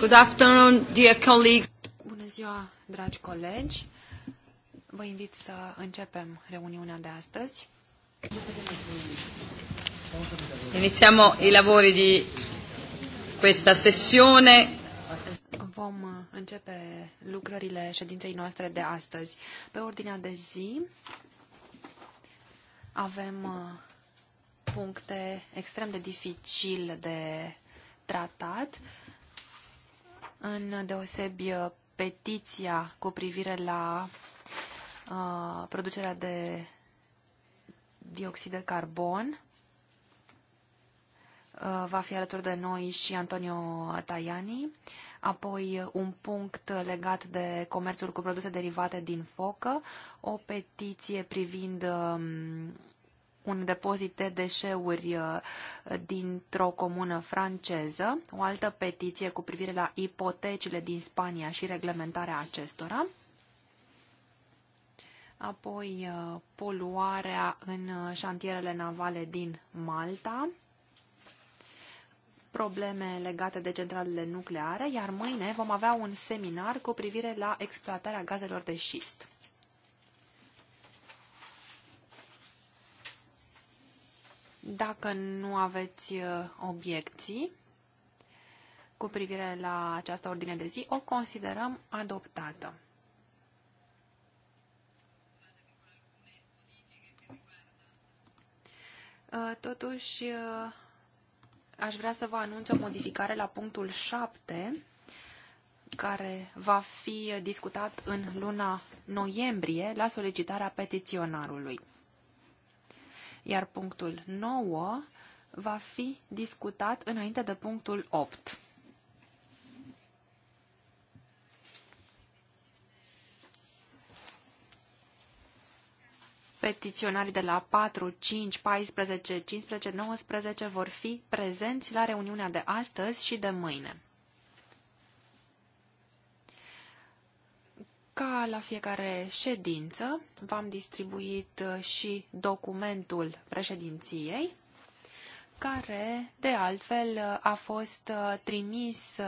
Good afternoon, dear colleagues. Bună ziua, dragi colegi. Vă invit să începem reuniunea de astăzi. Iniziamo i lavori di questa sessione. Vom începe lucrările ședinței noastre de astăzi. Pe ordinea de zi avem uh, puncte extrem de dificil de tratat în deosebi uh, petiția cu privire la uh, producerea de dioxid de carbon. Uh, va fi alături de noi și Antonio Tajani. Apoi un punct legat de comerțul cu produse derivate din focă, o petiție privind um, un depozit de deșeuri uh, dintr-o comună franceză, o altă petiție cu privire la ipotecile din Spania și reglementarea acestora, apoi uh, poluarea în uh, șantierele navale din Malta, probleme legate de centralele nucleare, iar mâine vom avea un seminar cu privire la exploatarea gazelor de șist. Dacă nu aveți uh, obiecții cu privire la această ordine de zi, o considerăm adoptată. Uh, totuși, uh, aș vrea să vă anunț o modificare la punctul 7, care va fi discutat în luna noiembrie la solicitarea petiționarului iar punctul 9 va fi discutat înainte de punctul 8. Petiționarii de la 4, 5, 14, 15, 19 vor fi prezenți la reuniunea de astăzi și de mâine. ca la fiecare ședință v-am distribuit uh, și documentul președinției, care, de altfel, uh, a fost uh, trimis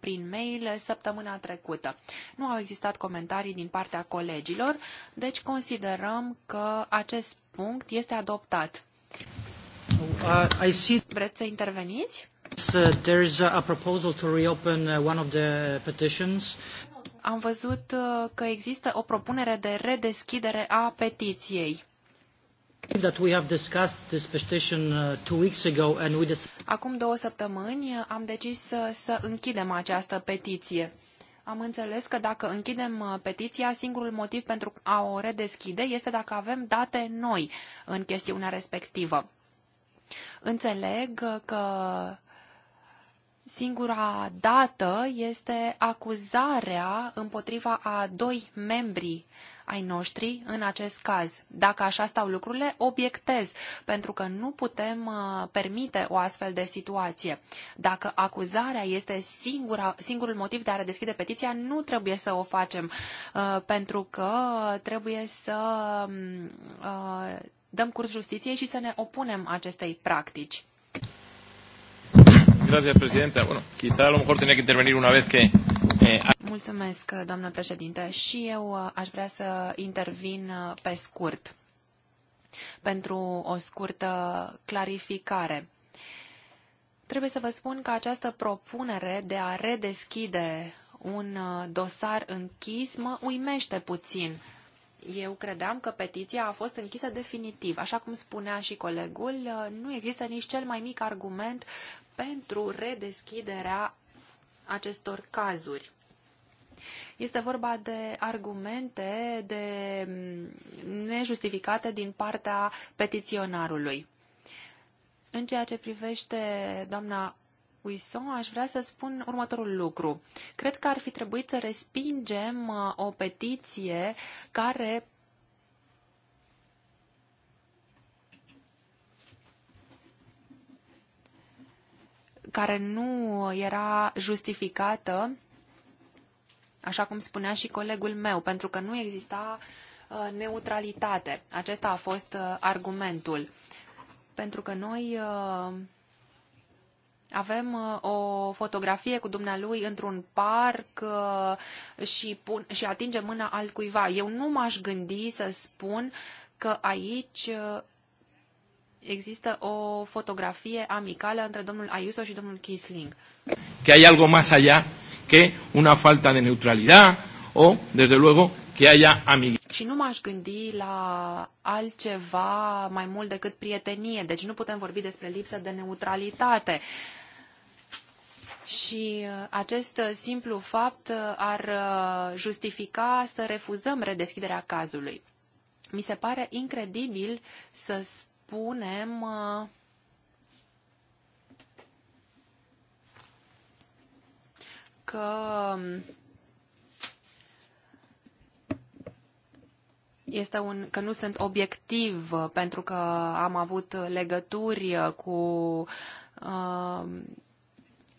prin mail săptămâna trecută. Nu au existat comentarii din partea colegilor, deci considerăm că acest punct este adoptat. Uh, I see... Vreți să interveniți? There is a proposal to reopen one of the petitions am văzut uh, că există o propunere de redeschidere a petiției. Uh, Acum două săptămâni uh, am decis să, să închidem această petiție. Am înțeles că dacă închidem petiția, singurul motiv pentru a o redeschide este dacă avem date noi în chestiunea respectivă. Înțeleg că Singura dată este acuzarea împotriva a doi membri ai noștri în acest caz. Dacă așa stau lucrurile, obiectez, pentru că nu putem uh, permite o astfel de situație. Dacă acuzarea este singura, singurul motiv de a redeschide petiția, nu trebuie să o facem, uh, pentru că trebuie să mm, uh, dăm curs justiției și să ne opunem acestei practici. Gracias, presidenta. Bueno, quizá a lo mejor tenía que intervenir una vez que... Eh, Mulțumesc, doamnă președinte. Și eu uh, aș vrea să intervin uh, pe scurt pentru o scurtă clarificare. Trebuie să vă spun că această propunere de a redeschide un uh, dosar închis mă uimește puțin. Eu credeam că petiția a fost închisă definitiv. Așa cum spunea și colegul, nu există nici cel mai mic argument pentru redeschiderea acestor cazuri. Este vorba de argumente de mm, nejustificate din partea petiționarului. În ceea ce privește doamna Uison, aș vrea să spun următorul lucru. Cred că ar fi trebuit să respingem uh, o petiție care care nu era justificată, așa cum spunea și colegul meu, pentru că nu exista uh, neutralitate. Acesta a fost uh, argumentul. Pentru că noi uh, avem o fotografie cu dumnealui într-un parc și, pun, și atinge mâna altcuiva. Eu nu m-aș gândi să spun că aici există o fotografie amicală între domnul Ayuso și domnul Kisling. Que hay algo más allá que una falta de neutralidad o, desde luego, que haya amiguismo. Și nu m-aș gândi la altceva mai mult decât prietenie, deci nu putem vorbi despre lipsă de neutralitate. Și uh, acest simplu fapt uh, ar uh, justifica să refuzăm redeschiderea cazului. Mi se pare incredibil să spun punem uh, că este un, că nu sunt obiectiv uh, pentru că am avut legături uh, cu uh,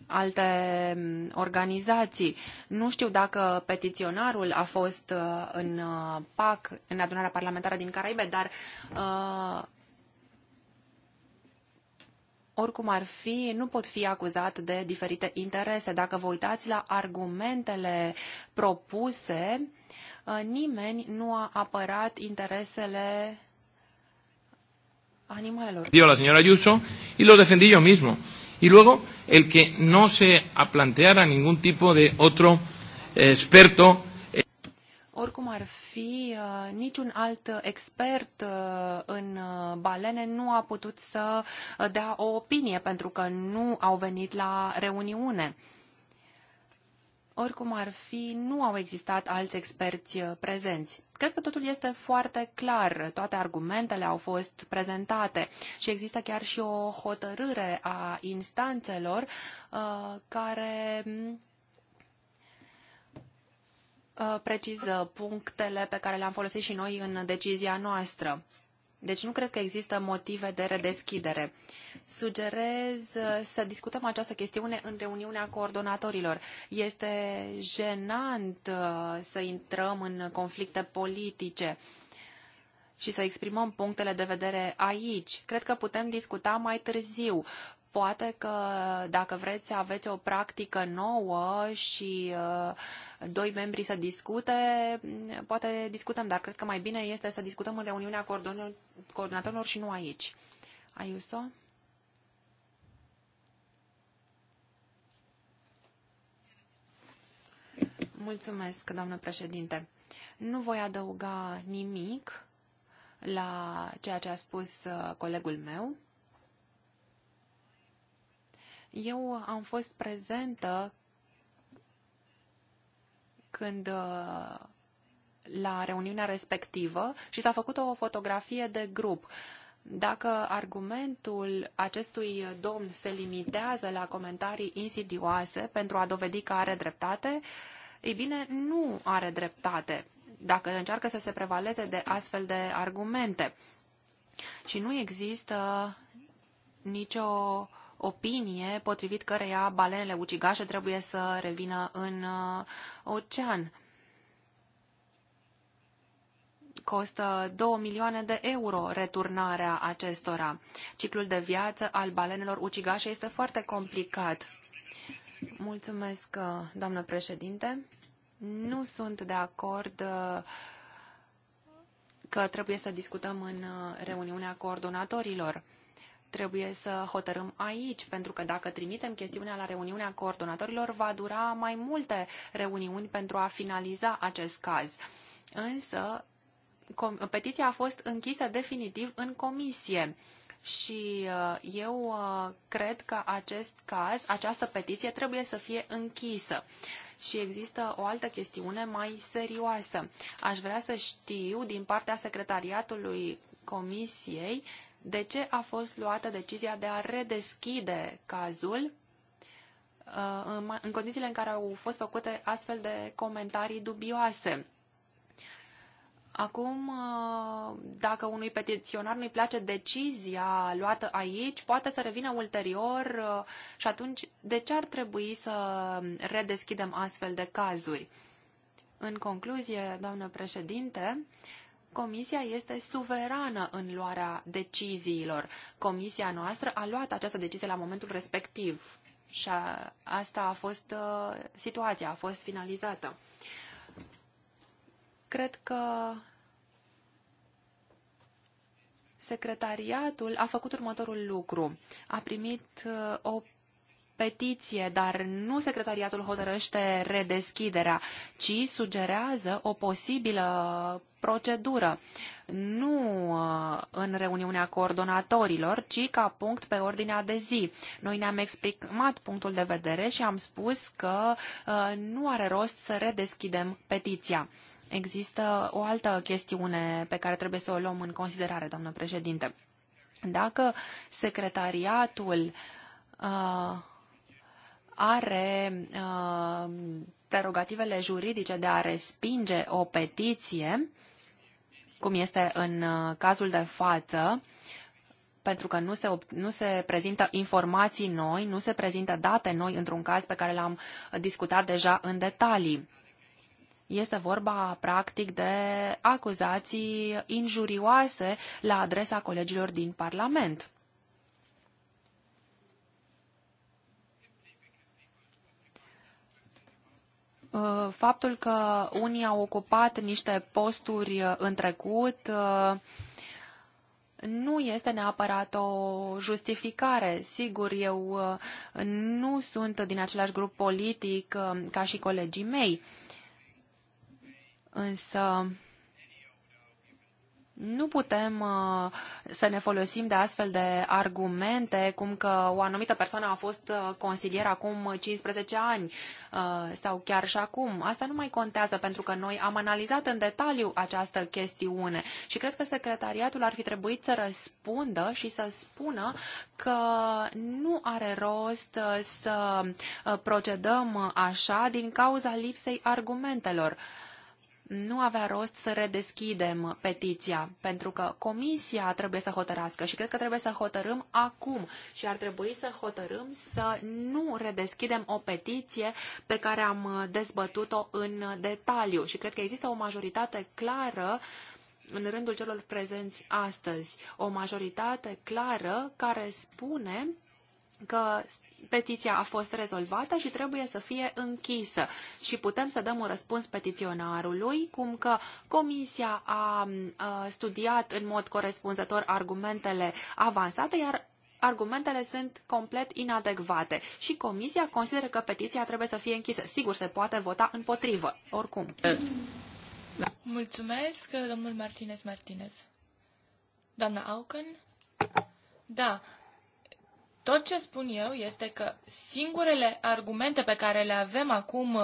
alte mm, organizații. Nu știu dacă petiționarul a fost în PAC, în adunarea parlamentară din Caraibe, dar uh, oricum ar fi, nu pot fi acuzat de diferite interese. Dacă vă uitați la argumentele propuse, uh, nimeni nu a apărat interesele animalelor. Dio la señora Ayuso y lo defendí yo mismo. Y luego el que no se planteara ningún tipo de otro eh, experto. Eh, oricum ar fi, fi, uh, niciun alt expert uh, în uh, balene nu a putut să dea o opinie pentru că nu au venit la reuniune. Oricum ar fi, nu au existat alți experți prezenți. Cred că totul este foarte clar, toate argumentele au fost prezentate și există chiar și o hotărâre a instanțelor uh, care Uh, preciză punctele pe care le-am folosit și noi în decizia noastră. Deci nu cred că există motive de redeschidere. Sugerez uh, să discutăm această chestiune în reuniunea coordonatorilor. Este jenant uh, să intrăm în conflicte politice și să exprimăm punctele de vedere aici. Cred că putem discuta mai târziu. Poate că dacă vreți să aveți o practică nouă și uh, doi membri să discute, poate discutăm, dar cred că mai bine este să discutăm în reuniunea coordonatorilor și nu aici. Ayuso? Mulțumesc, doamnă președinte. Nu voi adăuga nimic la ceea ce a spus uh, colegul meu. Eu am fost prezentă când uh, la reuniunea respectivă și s-a făcut o fotografie de grup. Dacă argumentul acestui domn se limitează la comentarii insidioase pentru a dovedi că are dreptate, ei bine, nu are dreptate dacă încearcă să se prevaleze de astfel de argumente. Și nu există nicio uh, opinie potrivit căreia balenele ucigașe trebuie să revină în uh, ocean. Costă 2 milioane de euro returnarea acestora. Ciclul de viață al balenelor ucigașe este foarte complicat. Mulțumesc, uh, doamnă președinte. Nu sunt de acord uh, că trebuie să discutăm în reuniunea coordonatorilor trebuie să hotărâm aici, pentru că dacă trimitem chestiunea la reuniunea coordonatorilor, va dura mai multe reuniuni pentru a finaliza acest caz. Însă, petiția a fost închisă definitiv în comisie și uh, eu uh, cred că acest caz, această petiție trebuie să fie închisă. Și există o altă chestiune mai serioasă. Aș vrea să știu din partea secretariatului Comisiei de ce a fost luată decizia de a redeschide cazul uh, în condițiile în care au fost făcute astfel de comentarii dubioase. Acum, uh, dacă unui petiționar nu-i place decizia luată aici, poate să revină ulterior uh, și atunci de ce ar trebui să redeschidem astfel de cazuri? În concluzie, doamnă președinte, uh, Comisia este suverană în luarea deciziilor. Comisia noastră a luat această decizie la momentul respectiv și a, asta a fost uh, situația, a fost finalizată. Cred că secretariatul a făcut următorul lucru. A primit uh, o petiție, dar nu secretariatul hotărăște redeschiderea, ci sugerează o posibilă procedură, nu uh, în reuniunea coordonatorilor, ci ca punct pe ordinea de zi. Noi ne-am exprimat punctul de vedere și am spus că uh, nu are rost să redeschidem petiția. Există o altă chestiune pe care trebuie să o luăm în considerare, doamnă președinte. Dacă secretariatul uh, are uh, prerogativele juridice de a respinge o petiție, cum este în uh, cazul de față, pentru că nu se, nu se prezintă informații noi, nu se prezintă date noi într-un caz pe care l-am discutat deja în detalii. Este vorba, practic, de acuzații injurioase la adresa colegilor din Parlament. Uh, faptul că unii au ocupat niște posturi uh, în trecut uh, nu este neapărat o justificare. Sigur, eu nu sunt din același grup politic ca și colegii mei. Însă nu putem uh, să ne folosim de astfel de argumente, cum că o anumită persoană a fost uh, consilier acum 15 ani uh, sau chiar și acum. Asta nu mai contează, pentru că noi am analizat în detaliu această chestiune și cred că secretariatul ar fi trebuit să răspundă și să spună că nu are rost să procedăm așa din cauza lipsei argumentelor nu avea rost să redeschidem petiția, pentru că comisia trebuie să hotărască și cred că trebuie să hotărâm acum și ar trebui să hotărâm să nu redeschidem o petiție pe care am dezbătut-o în detaliu și cred că există o majoritate clară în rândul celor prezenți astăzi, o majoritate clară care spune că petiția a fost rezolvată și trebuie să fie închisă și putem să dăm un răspuns petiționarului, cum că comisia a, studiat în mod corespunzător argumentele avansate, iar argumentele sunt complet inadecvate și comisia consideră că petiția trebuie să fie închisă. Sigur, se poate vota împotrivă, oricum. Mulțumesc, domnul Martinez Martinez. Doamna Auken? Da, tot ce spun eu este că singurele argumente pe care le avem acum uh,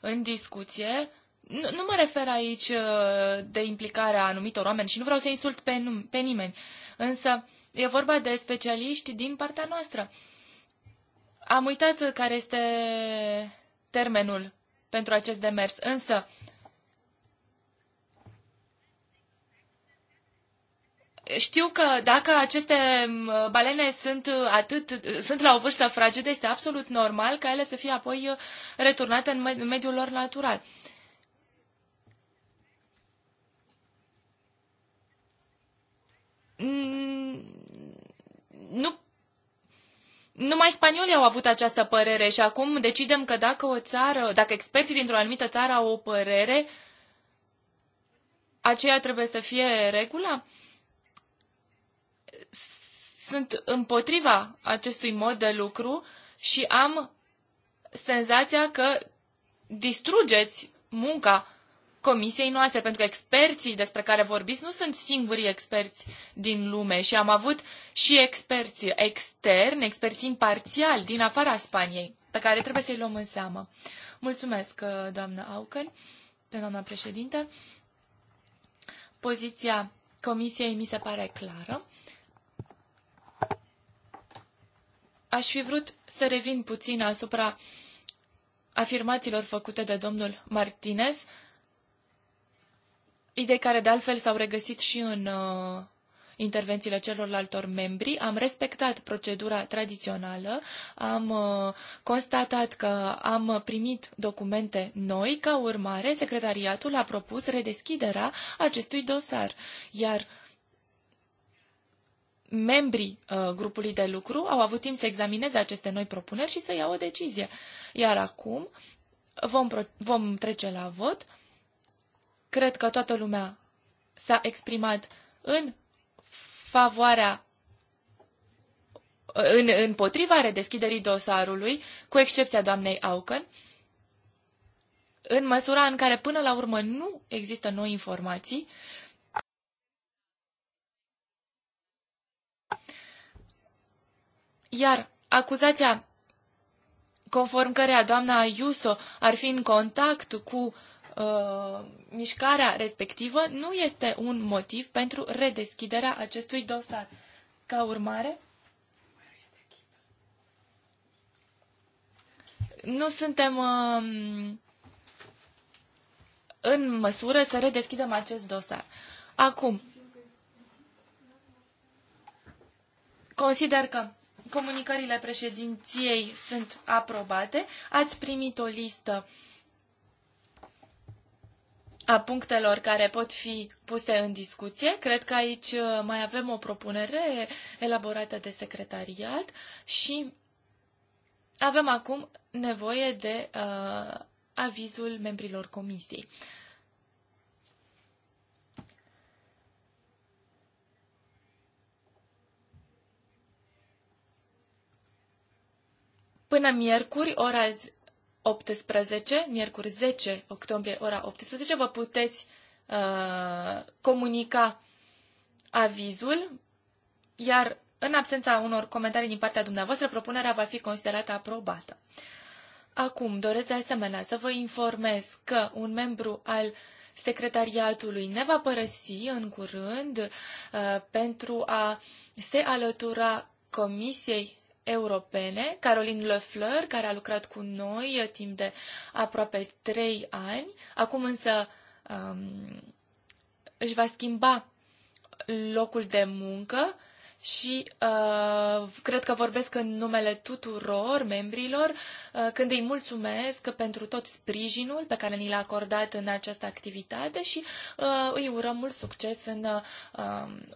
în discuție nu, nu mă refer aici uh, de implicarea anumitor oameni și nu vreau să insult pe, pe nimeni, însă e vorba de specialiști din partea noastră. Am uitat care este termenul pentru acest demers, însă Știu că dacă aceste balene sunt, atât, sunt la o vârstă fragedă, este absolut normal ca ele să fie apoi uh, returnate în mediul lor natural. Nu numai spaniolii au avut această părere și acum decidem că dacă o țară, dacă experții dintr-o anumită țară au o părere, aceea trebuie să fie regula? sunt împotriva acestui mod de lucru și am senzația că distrugeți munca comisiei noastre, pentru că experții despre care vorbiți nu sunt singurii experți din lume și am avut și experți externi, experți imparțiali din afara Spaniei, pe care trebuie să-i luăm în seamă. Mulțumesc, uh, doamnă Auken, pe doamna președinte. Poziția comisiei mi se pare clară. Aș fi vrut să revin puțin asupra afirmațiilor făcute de domnul Martinez, idei care de altfel s-au regăsit și în uh, intervențiile celorlaltor membri. Am respectat procedura tradițională, am uh, constatat că am primit documente noi, ca urmare, secretariatul a propus redeschiderea acestui dosar, iar uh, membrii uh, grupului de lucru au avut timp să examineze aceste noi propuneri și să ia o decizie. Iar acum vom, vom trece la vot. Cred că toată lumea s-a exprimat în favoarea uh, în, împotriva redeschiderii dosarului, cu excepția doamnei Auken, în măsura în care până la urmă nu există noi informații, uh, Iar acuzația conform cărea doamna Iuso ar fi în contact cu uh, mișcarea respectivă, nu este un motiv pentru redeschiderea acestui dosar. Ca urmare, nu suntem uh, în măsură să redeschidem acest dosar. Acum, consider că comunicările președinției sunt aprobate. Ați primit o listă a punctelor care pot fi puse în discuție. Cred că aici uh, mai avem o propunere elaborată de secretariat și avem acum nevoie de uh, avizul membrilor comisiei. Uh, Până miercuri, ora 18, miercuri 10 octombrie, ora 18, vă puteți uh, comunica avizul, iar în absența unor comentarii din partea dumneavoastră, propunerea va fi considerată aprobată. Acum, doresc de asemenea să vă informez că un membru al secretariatului ne va părăsi în curând uh, pentru a se alătura Comisiei europene, Caroline Lefleur, care a lucrat cu noi uh, timp de aproape trei ani. Acum însă um, își va schimba locul de muncă și uh, cred că vorbesc în numele tuturor membrilor uh, când îi mulțumesc pentru tot sprijinul pe care ni l-a acordat în această activitate și uh, îi urăm mult succes în, uh, um,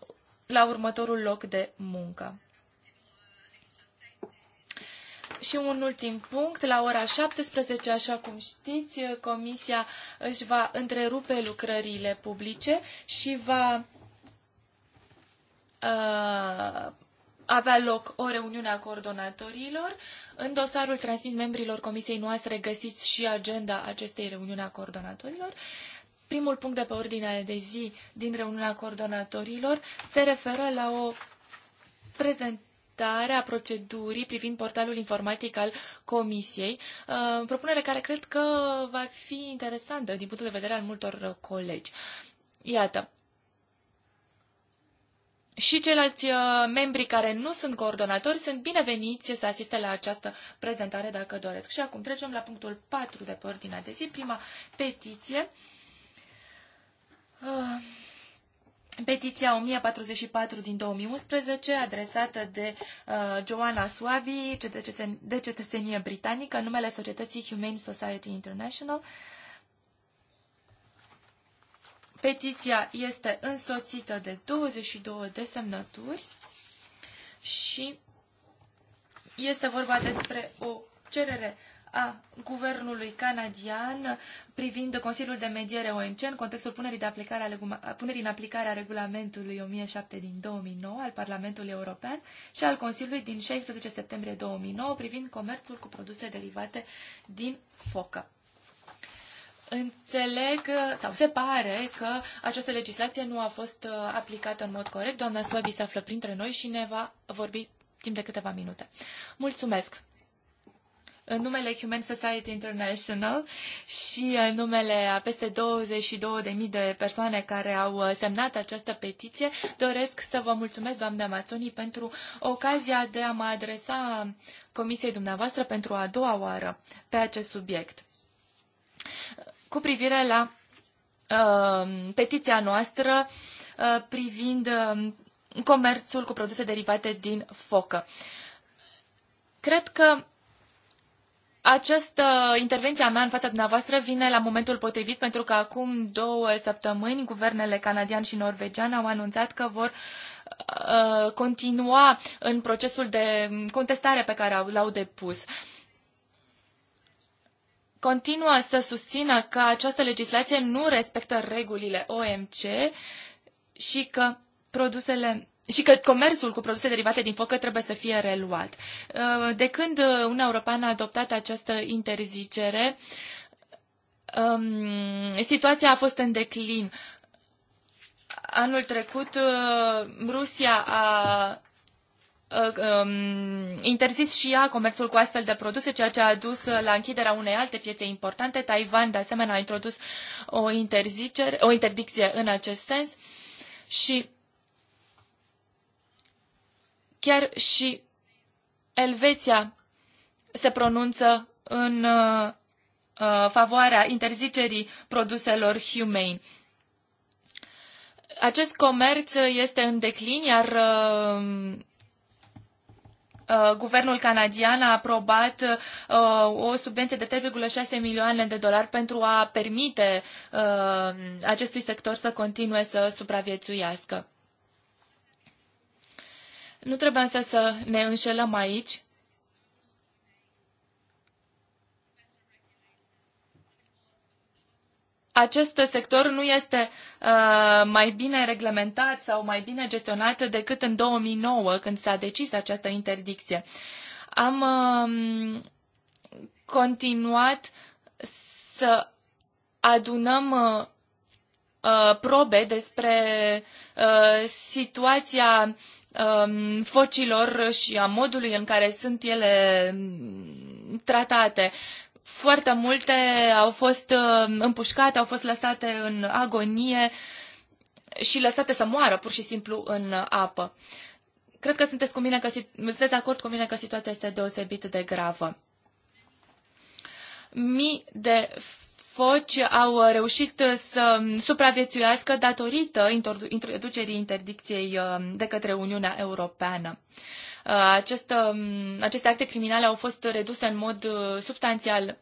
la următorul loc de muncă. Și un ultim punct, la ora 17, așa cum știți, Comisia își va întrerupe lucrările publice și va uh, avea loc o reuniune a coordonatorilor. În dosarul transmis membrilor Comisiei noastre găsiți și agenda acestei reuniuni a coordonatorilor. Primul punct de pe ordinea de zi din reuniunea coordonatorilor se referă la o prezentare a procedurii privind portalul informatic al Comisiei, uh, propunere care cred că va fi interesantă din punctul de vedere al multor uh, colegi. Iată, și ceilalți uh, membri care nu sunt coordonatori sunt bineveniți să asiste la această prezentare dacă doresc. Și acum trecem la punctul 4 de pe ordinea de zi, prima petiție. Uh Petiția 1044 din 2011, adresată de uh, Joanna Swaby, cetățen, de cetățenie britanică, în numele societății Humane Society International. Petiția este însoțită de 22 de semnături și este vorba despre o cerere a guvernului canadian privind Consiliul de Mediere OMC în contextul punerii, de aplicare a, punerii în aplicare a regulamentului 1007 din 2009 al Parlamentului European și al Consiliului din 16 septembrie 2009 privind comerțul cu produse derivate din focă. Înțeleg sau se pare că această legislație nu a fost uh, aplicată în mod corect. Doamna Swabi se află printre noi și ne va vorbi timp de câteva minute. Mulțumesc! în numele Human Society International și în numele a peste 22.000 de persoane care au uh, semnat această petiție, doresc să vă mulțumesc, doamne Amazonii, pentru ocazia de a mă adresa Comisiei dumneavoastră pentru a doua oară pe acest subiect. Cu privire la uh, petiția noastră uh, privind uh, comerțul cu produse derivate din focă. Cred că această intervenție a mea în fața dumneavoastră vine la momentul potrivit pentru că acum două săptămâni guvernele canadian și norvegian au anunțat că vor uh, continua în procesul de contestare pe care l-au depus. Continuă să susțină că această legislație nu respectă regulile OMC și că produsele și că comerțul cu produse derivate din focă trebuie să fie reluat. Uh, de când uh, Uniunea Europeană a adoptat această interzicere, um, situația a fost în declin. Anul trecut, uh, Rusia a um, interzis și ea comerțul cu astfel de produse, ceea ce a dus la închiderea unei alte piețe importante. Taiwan, de asemenea, a introdus o, interzicere, o interdicție în acest sens și Chiar și Elveția se pronunță în uh, uh, favoarea interzicerii produselor humane. Acest comerț este în declin, iar uh, uh guvernul canadian a aprobat uh, o subvenție de 3,6 milioane de dolari pentru a permite uh, acestui sector să continue să supraviețuiască. Nu trebuie însă să ne înșelăm aici. Acest sector nu este uh, mai bine reglementat sau mai bine gestionat decât în 2009, când s-a decis această interdicție. Am uh, continuat să adunăm uh, uh, probe despre uh, situația Um, focilor și a modului în care sunt ele um, tratate. Foarte multe au fost um, împușcate, au fost lăsate în agonie și lăsate să moară pur și simplu în apă. Cred că sunteți, cu mine că, sunteți de acord cu mine că situația este deosebit de gravă. Mii de foci au uh, reușit uh, să um, supraviețuiască datorită introducerii interdicției uh, de către Uniunea Europeană. Acest, um, aceste acte criminale au fost reduse în mod substanțial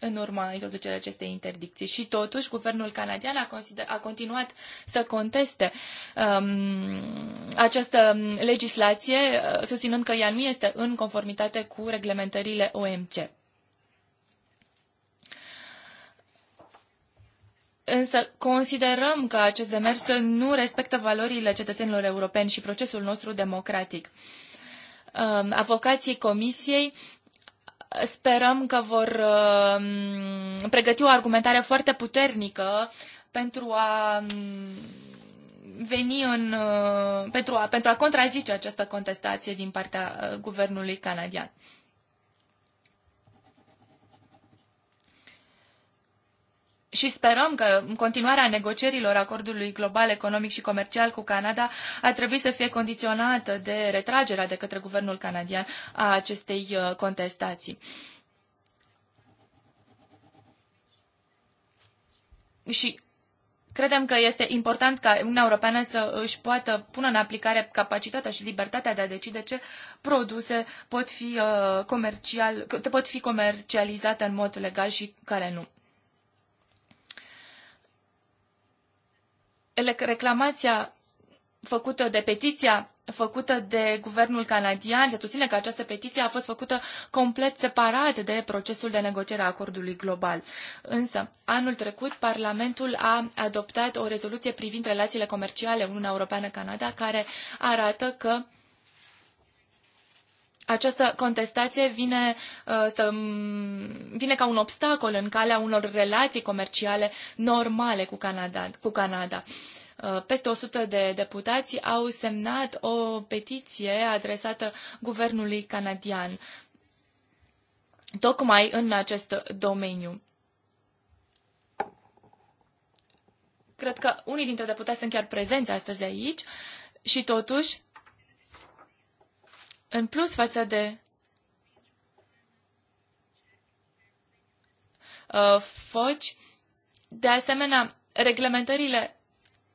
în urma introducerii acestei interdicții. Și totuși, guvernul canadian a, a continuat să conteste um, această um, legislație, susținând că ea nu este în conformitate cu reglementările OMC. Însă considerăm că acest demers nu respectă valorile cetățenilor europeni și procesul nostru democratic. Um, avocații Comisiei sperăm că vor um, pregăti o argumentare foarte puternică pentru a um, veni în, uh, pentru a, pentru a contrazice această contestație din partea uh, guvernului canadian. și sperăm că continuarea negocierilor acordului global economic și comercial cu Canada ar trebui să fie condiționată de retragerea de către guvernul canadian a acestei uh, contestații. Și Credem că este important ca Uniunea Europeană să își poată pune în aplicare capacitatea și libertatea de a decide ce produse pot fi, uh, comercial, pot fi comercializate în mod legal și care nu. reclamația făcută de petiția făcută de guvernul canadian, se susține că această petiție a fost făcută complet separat de procesul de negociere a acordului global. Însă, anul trecut, Parlamentul a adoptat o rezoluție privind relațiile comerciale Uniunea Europeană-Canada, care arată că această contestație vine, uh, să, vine ca un obstacol în calea unor relații comerciale normale cu Canada. Cu Canada. Uh, peste 100 de deputați au semnat o petiție adresată guvernului canadian, tocmai în acest domeniu. Cred că unii dintre deputați sunt chiar prezenți astăzi aici și totuși în plus față de uh, foci, de asemenea, reglementările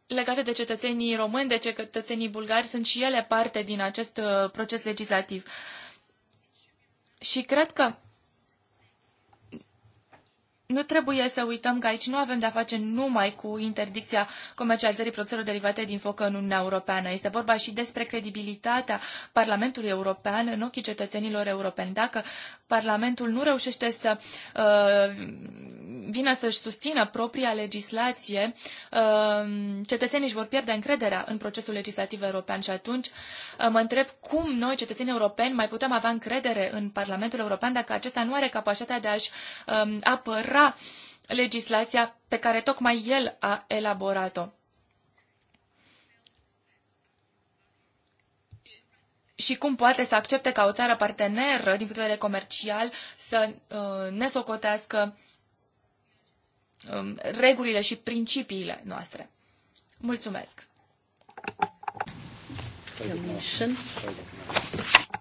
legate de cetățenii români, de cetățenii bulgari, sunt și ele parte din acest uh, proces legislativ. Și cred că nu trebuie să uităm că aici nu avem de-a face numai cu interdicția comercializării produselor derivate din focă în Uniunea Europeană. Este vorba și despre credibilitatea Parlamentului European în ochii cetățenilor europeni. Dacă Parlamentul nu reușește să uh, vină să-și susțină propria legislație, uh, cetățenii își vor pierde încrederea în procesul legislativ european și atunci uh, mă întreb cum noi, cetățenii europeni, mai putem avea încredere în Parlamentul European dacă acesta nu are capacitatea de a-și uh, apăra respecta legislația pe care tocmai el a elaborat-o. și cum poate să accepte ca o țară parteneră din punct de vedere comercial să uh, ne socotească um, regulile și principiile noastre. Mulțumesc!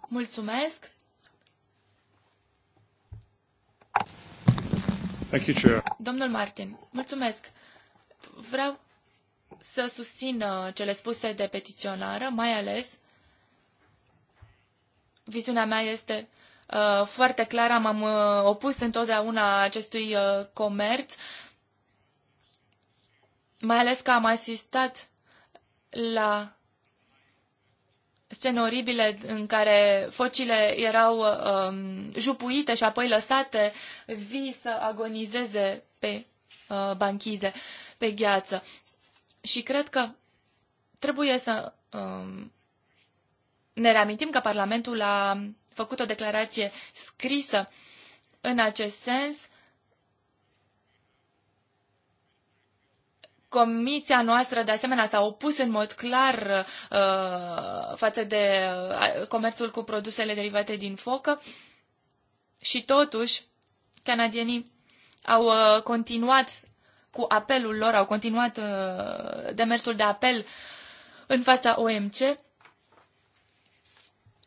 Mulțumesc! Thank you, Chair. Domnul Martin, mulțumesc. Vreau să susțin uh, cele spuse de petiționară, mai ales viziunea mea este uh, foarte clară, m-am uh, opus întotdeauna acestui uh, comerț, mai ales că am asistat la scene oribile în care focile erau um, jupuite și apoi lăsate vii să agonizeze pe uh, banchize, pe gheață. Și cred că trebuie să um, ne reamintim că Parlamentul a făcut o declarație scrisă în acest sens Comisia noastră, de asemenea, s-a opus în mod clar uh, față de uh, comerțul cu produsele derivate din focă și totuși canadienii au uh, continuat cu apelul lor, au continuat uh, demersul de apel în fața OMC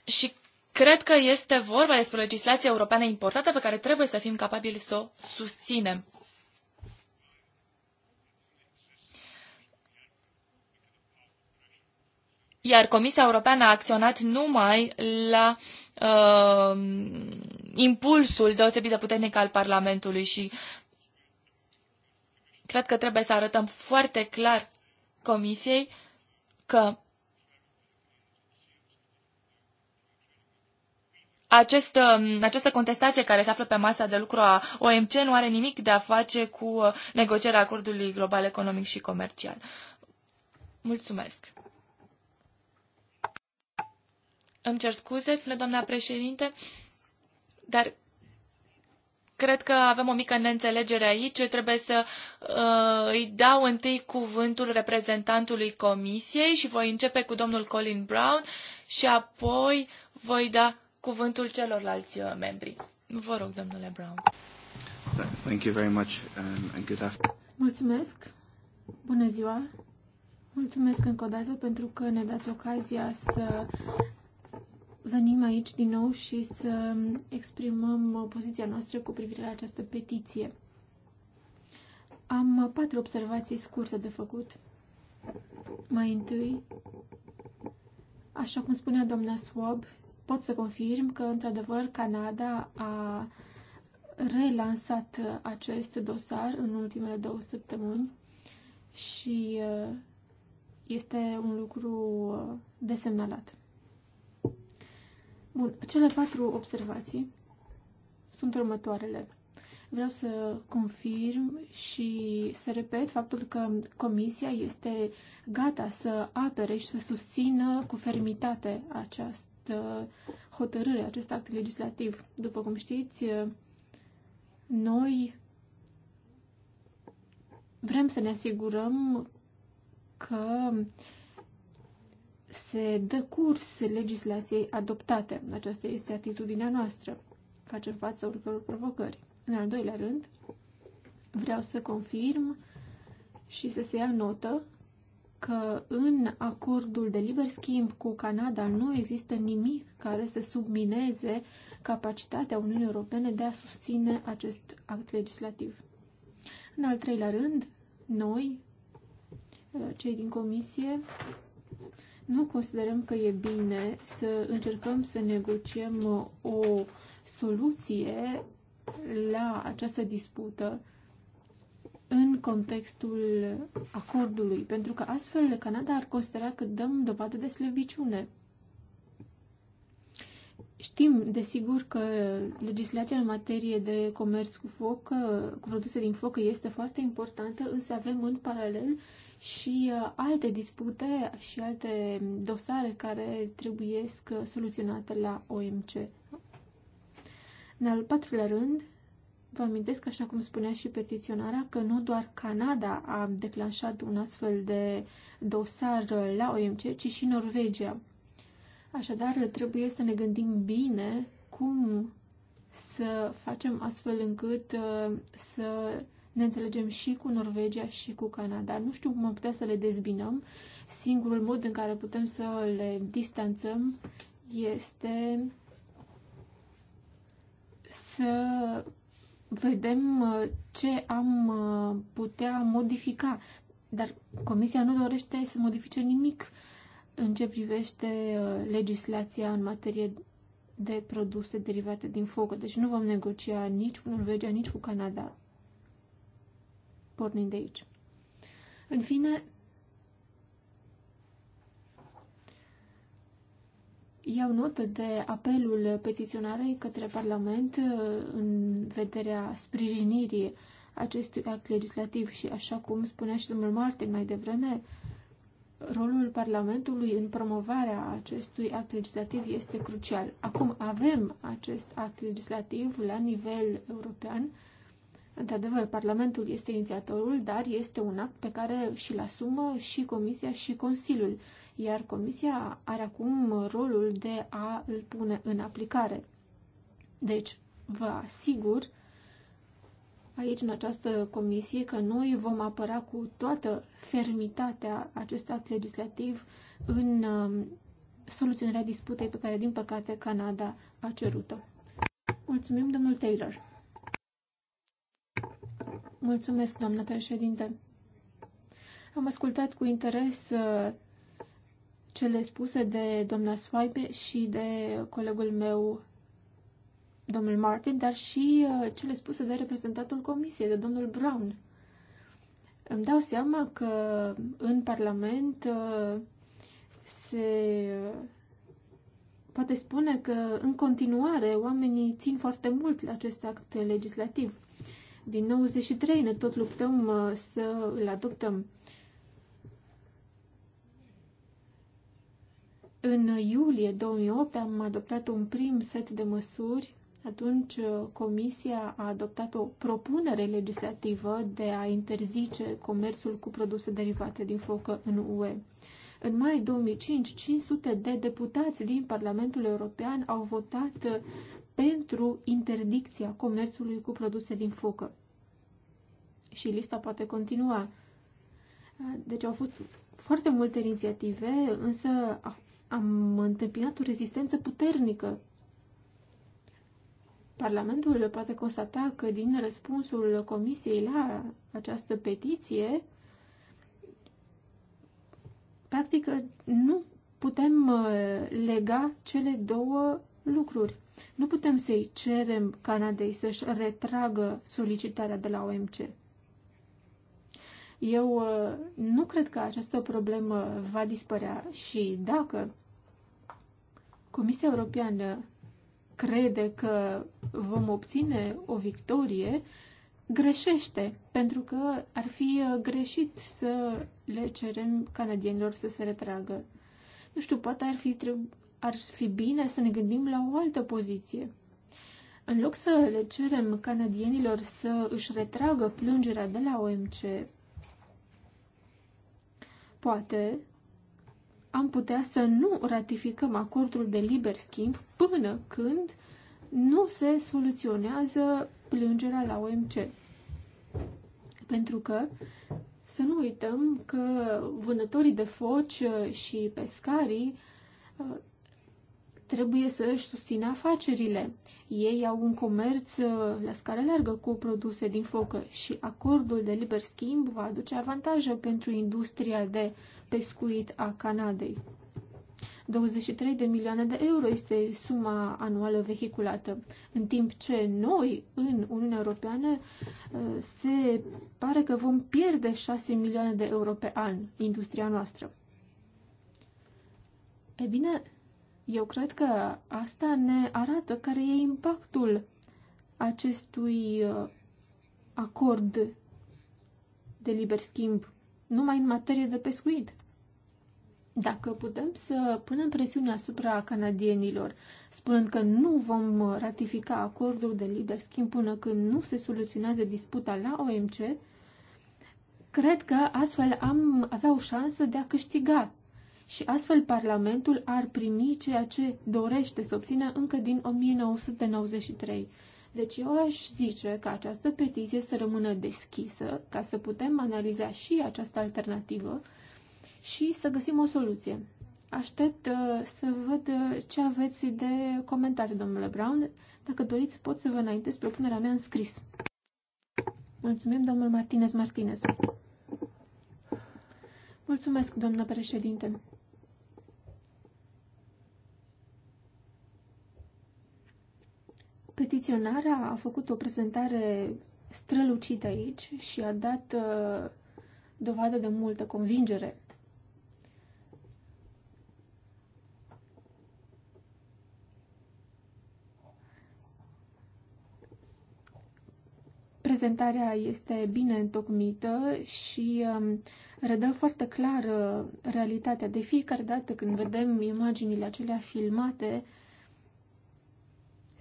și cred că este vorba despre o legislație europeană importantă pe care trebuie să fim capabili să o susținem. iar Comisia Europeană a acționat numai la uh, impulsul deosebit de puternic al Parlamentului și cred că trebuie să arătăm foarte clar Comisiei că acest, um, această contestație care se află pe masa de lucru a OMC nu are nimic de a face cu uh, negocierea acordului global economic și comercial. Mulțumesc! Îmi cer scuze, spune doamna președinte, dar cred că avem o mică neînțelegere aici. Eu trebuie să uh, îi dau întâi cuvântul reprezentantului comisiei și voi începe cu domnul Colin Brown și apoi voi da cuvântul celorlalți uh, membri. Vă rog, domnule Brown. Thank you very much um, and good afternoon. Mulțumesc. Bună ziua. Mulțumesc încă o dată pentru că ne dați ocazia să venim aici din nou și să exprimăm poziția noastră cu privire la această petiție. Am patru observații scurte de făcut. Mai întâi, așa cum spunea doamna Swab, pot să confirm că, într-adevăr, Canada a relansat acest dosar în ultimele două săptămâni și uh, este un lucru uh, desemnalat. Bun, cele patru observații sunt următoarele. Vreau să confirm și să repet faptul că Comisia este gata să apere și să susțină cu fermitate această hotărâre, acest act legislativ. După cum știți, noi vrem să ne asigurăm că uh, se dă curs legislației adoptate. Aceasta este atitudinea noastră. Facem față oricăror provocări. În al doilea rând, vreau să confirm și să se ia notă că în acordul de liber schimb cu Canada nu există nimic care să submineze capacitatea Uniunii Europene de a susține acest act legislativ. În al treilea rând, noi, cei din Comisie, nu considerăm că e bine să încercăm să negociem o soluție la această dispută în contextul acordului, pentru că astfel Canada ar considera că dăm dovadă de slăbiciune. Știm, desigur, că legislația în materie de comerț cu foc, cu produse din foc, este foarte importantă, însă avem în paralel și uh, alte dispute și alte dosare care trebuie uh, soluționate la OMC. În al patrulea rând, vă amintesc, așa cum spunea și petiționarea, că nu doar Canada a declanșat un astfel de dosar uh, la OMC, ci și Norvegia. Așadar, trebuie să ne gândim bine cum să facem astfel încât să ne înțelegem și cu Norvegia și cu Canada. Nu știu cum am putea să le dezbinăm. Singurul mod în care putem să le distanțăm este să vedem uh, ce am uh, putea modifica. Dar Comisia nu dorește să modifice nimic în ce privește uh, legislația în materie de produse derivate din foc. Deci nu vom negocia nici cu Norvegia, nici cu Canada pornind de aici. În fine, Iau notă de apelul petiționarei către Parlament uh, în vederea sprijinirii acestui act legislativ și, așa cum spunea și domnul Martin mai devreme, rolul Parlamentului în promovarea acestui act legislativ este crucial. Acum avem acest act legislativ la nivel european Într-adevăr, Parlamentul este inițiatorul, dar este un act pe care și-l asumă și Comisia și Consiliul, iar Comisia are acum rolul de a îl pune în aplicare. Deci, vă asigur aici, în această comisie, că noi vom apăra cu toată fermitatea acest act legislativ în um, soluționarea disputei pe care, din păcate, Canada a cerut-o. Mulțumim, domnul Taylor! Mulțumesc, doamnă președinte. Am ascultat cu interes uh, cele spuse de doamna Swipe și de colegul meu, domnul Martin, dar și uh, cele spuse de reprezentantul comisiei, de domnul Brown. Îmi dau seama că în Parlament uh, se poate spune că în continuare oamenii țin foarte mult la acest act legislativ. Din 93 ne tot luptăm uh, să îl adoptăm. În iulie 2008 am adoptat un prim set de măsuri. Atunci uh, Comisia a adoptat o propunere legislativă de a interzice comerțul cu produse derivate din focă în UE. În mai 2005, 500 de deputați din Parlamentul European au votat uh, pentru interdicția comerțului cu produse din focă. Și lista poate continua. Deci au fost foarte multe inițiative, însă am întâmpinat o rezistență puternică. Parlamentul poate constata că din răspunsul Comisiei la această petiție, practic nu putem uh, lega cele două lucruri. Nu putem să-i cerem Canadei să-și retragă solicitarea de la OMC. Eu uh, nu cred că această problemă va dispărea și dacă Comisia Europeană crede că vom obține o victorie, greșește, pentru că ar fi uh, greșit să le cerem canadienilor să se retragă. Nu știu, poate ar fi, ar fi bine să ne gândim la o altă poziție. În loc să le cerem canadienilor să își retragă plângerea de la OMC, poate am putea să nu ratificăm acordul de liber schimb până când nu se soluționează plângerea la OMC. Pentru că să nu uităm că vânătorii de foci și pescarii trebuie să își susțină afacerile. Ei au un comerț uh, la scară largă cu produse din focă și acordul de liber schimb va aduce avantaje pentru industria de pescuit a Canadei. 23 de milioane de euro este suma anuală vehiculată, în timp ce noi, în Uniunea Europeană, uh, se pare că vom pierde 6 milioane de euro pe an, industria noastră. E bine, eu cred că asta ne arată care e impactul acestui uh, acord de liber schimb numai în materie de pescuit. Dacă putem să punem presiune asupra canadienilor, spunând că nu vom ratifica acordul de liber schimb până când nu se soluționează disputa la OMC, cred că astfel am avea o șansă de a câștiga și astfel Parlamentul ar primi ceea ce dorește să obțină încă din 1993. Deci eu aș zice că această petiție să rămână deschisă ca să putem analiza și această alternativă și să găsim o soluție. Aștept uh, să văd uh, ce aveți de comentat, domnule Brown. Dacă doriți, pot să vă înaintez propunerea mea în scris. Mulțumim, domnul Martinez Martinez. Mulțumesc, doamnă președinte. Petiționarea a făcut o prezentare strălucită aici și a dat uh, dovadă de multă convingere. Prezentarea este bine întocmită și um, redă foarte clar uh, realitatea. De fiecare dată când vedem imaginile acelea filmate, uh,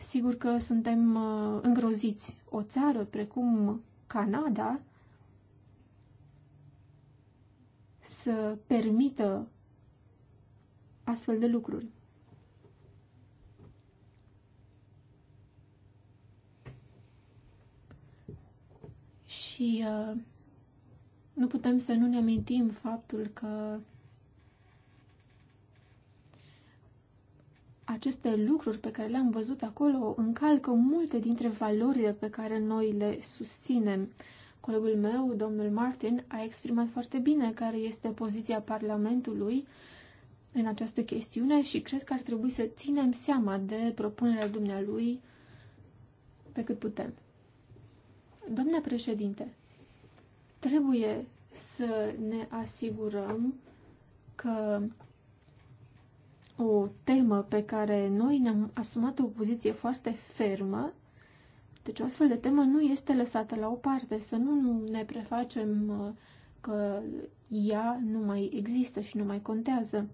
Sigur că suntem uh, îngroziți. O țară precum Canada să permită astfel de lucruri. Și uh, nu putem să nu ne amintim faptul că aceste lucruri pe care le-am văzut acolo încalcă multe dintre valorile pe care noi le susținem. Colegul meu, domnul Martin, a exprimat foarte bine care este poziția Parlamentului în această chestiune și cred că ar trebui să ținem seama de propunerea dumnealui pe cât putem. Domnule președinte, trebuie să ne asigurăm că o temă pe care noi ne-am asumat o poziție foarte fermă, deci o astfel de temă nu este lăsată la o parte, să nu ne prefacem uh, că ea nu mai există și nu mai contează.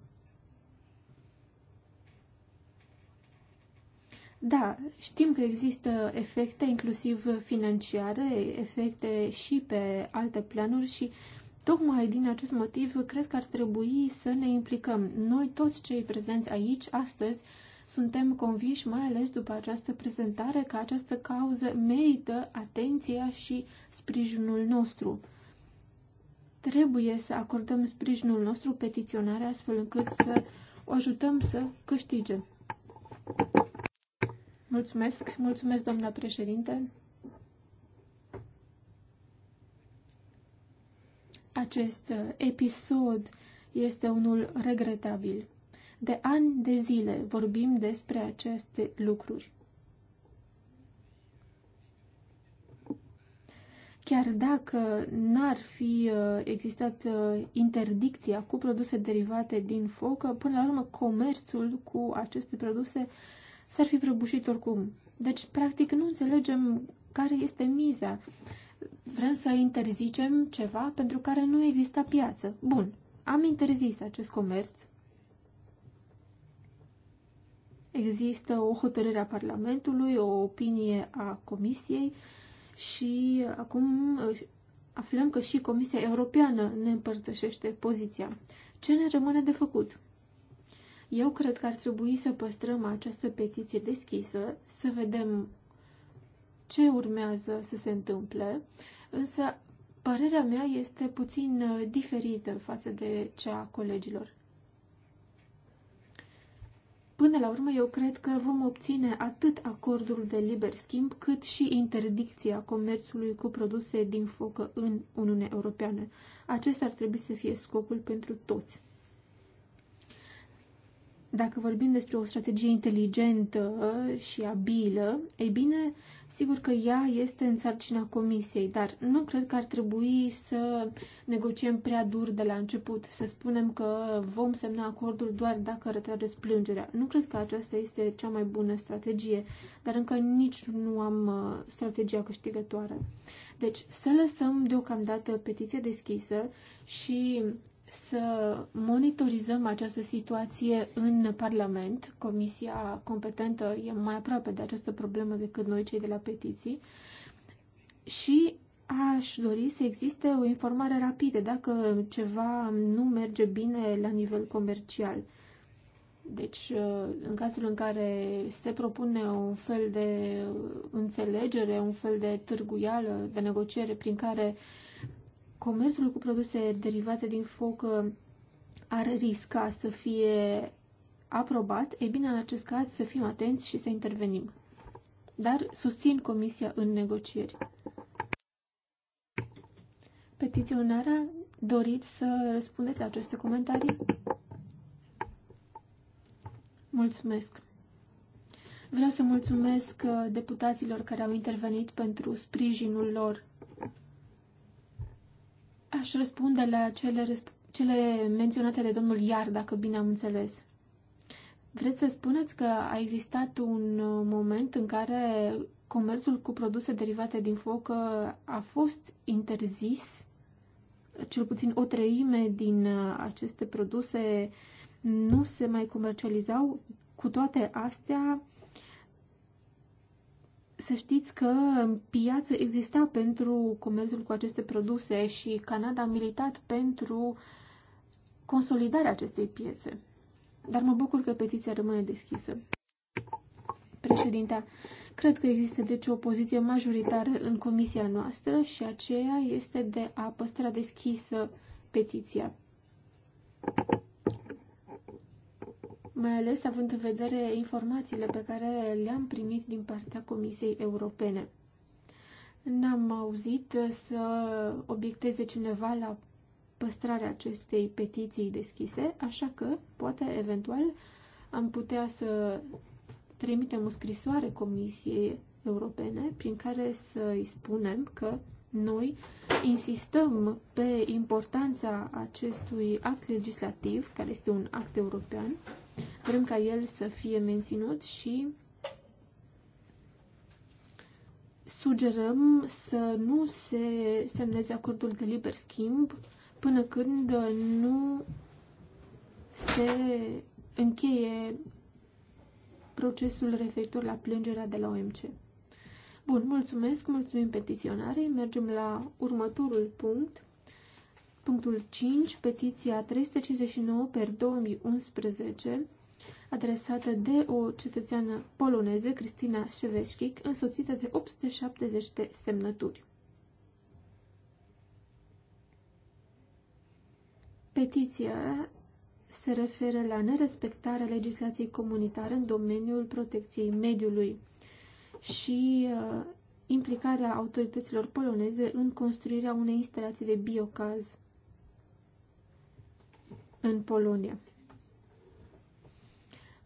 Da, știm că există efecte, inclusiv financiare, efecte și pe alte planuri și Tocmai din acest motiv, cred că ar trebui să ne implicăm. Noi, toți cei prezenți aici, astăzi, suntem conviși, mai ales după această prezentare, că această cauză merită atenția și sprijinul nostru. Trebuie să acordăm sprijinul nostru petiționare astfel încât să o ajutăm să câștige. Mulțumesc, mulțumesc, doamna președinte. Acest uh, episod este unul regretabil. De ani de zile vorbim despre aceste lucruri. Chiar dacă n-ar fi uh, existat uh, interdicția cu produse derivate din foc, până la urmă comerțul cu aceste produse s-ar fi prăbușit oricum. Deci, practic, nu înțelegem care este miza vrem să interzicem ceva pentru care nu exista piață. Bun, am interzis acest comerț. Există o hotărâre a Parlamentului, o opinie a Comisiei și acum aflăm că și Comisia Europeană ne împărtășește poziția. Ce ne rămâne de făcut? Eu cred că ar trebui să păstrăm această petiție deschisă, să vedem ce urmează să se întâmple, însă părerea mea este puțin uh, diferită față de cea a colegilor. Până la urmă, eu cred că vom obține atât acordul de liber schimb, cât și interdicția comerțului cu produse din focă în Uniunea Europeană. Acesta ar trebui să fie scopul pentru toți dacă vorbim despre o strategie inteligentă uh, și abilă, ei bine, sigur că ea este în sarcina comisiei, dar nu cred că ar trebui să negociem prea dur de la început, să spunem că vom semna acordul doar dacă retrageți plângerea. Nu cred că aceasta este cea mai bună strategie, dar încă nici nu am uh, strategia câștigătoare. Deci să lăsăm deocamdată petiția deschisă și să monitorizăm această situație în Parlament. Comisia competentă e mai aproape de această problemă decât noi, cei de la petiții. Și aș dori să existe o informare rapidă dacă ceva nu merge bine la nivel comercial. Deci, în cazul în care se propune un fel de înțelegere, un fel de târguială, de negociere prin care uh, comerțul cu produse derivate din foc uh, ar risca să fie aprobat, e bine în acest caz să fim atenți și să intervenim. Dar susțin Comisia în negocieri. Petiționarea, doriți să răspundeți la aceste comentarii? Mulțumesc! Vreau să mulțumesc uh, deputaților care au intervenit pentru sprijinul lor Aș răspunde la cele, cele menționate de domnul Iar, dacă bine am înțeles. Vreți să spuneți că a existat un uh, moment în care comerțul cu produse derivate din foc uh, a fost interzis? Cel puțin o treime din uh, aceste produse nu se mai comercializau. Cu toate astea, să știți că piață exista pentru comerțul cu aceste produse și Canada a militat pentru consolidarea acestei piețe. Dar mă bucur că petiția rămâne deschisă. Președintea, cred că există deci o poziție majoritară în comisia noastră și aceea este de a păstra deschisă petiția mai ales având în vedere informațiile pe care le-am primit din partea Comisiei Europene. N-am auzit să obiecteze cineva la păstrarea acestei petiții deschise, așa că, poate, eventual, am putea să trimitem o scrisoare Comisiei Europene prin care să îi spunem că noi insistăm pe importanța acestui act legislativ, care este un act european, Vrem ca el să fie menținut și sugerăm să nu se semneze acordul de liber schimb până când nu se încheie procesul referitor la plângerea de la OMC. Bun, mulțumesc, mulțumim petiționare. Mergem la următorul punct. Punctul 5, petiția 359 per 2011 adresată de o cetățeană poloneză, Cristina Șeveșchic, însoțită de 870 de semnături. Petiția se referă la nerespectarea legislației comunitare în domeniul protecției mediului și uh, implicarea autorităților poloneze în construirea unei instalații de biocaz în Polonia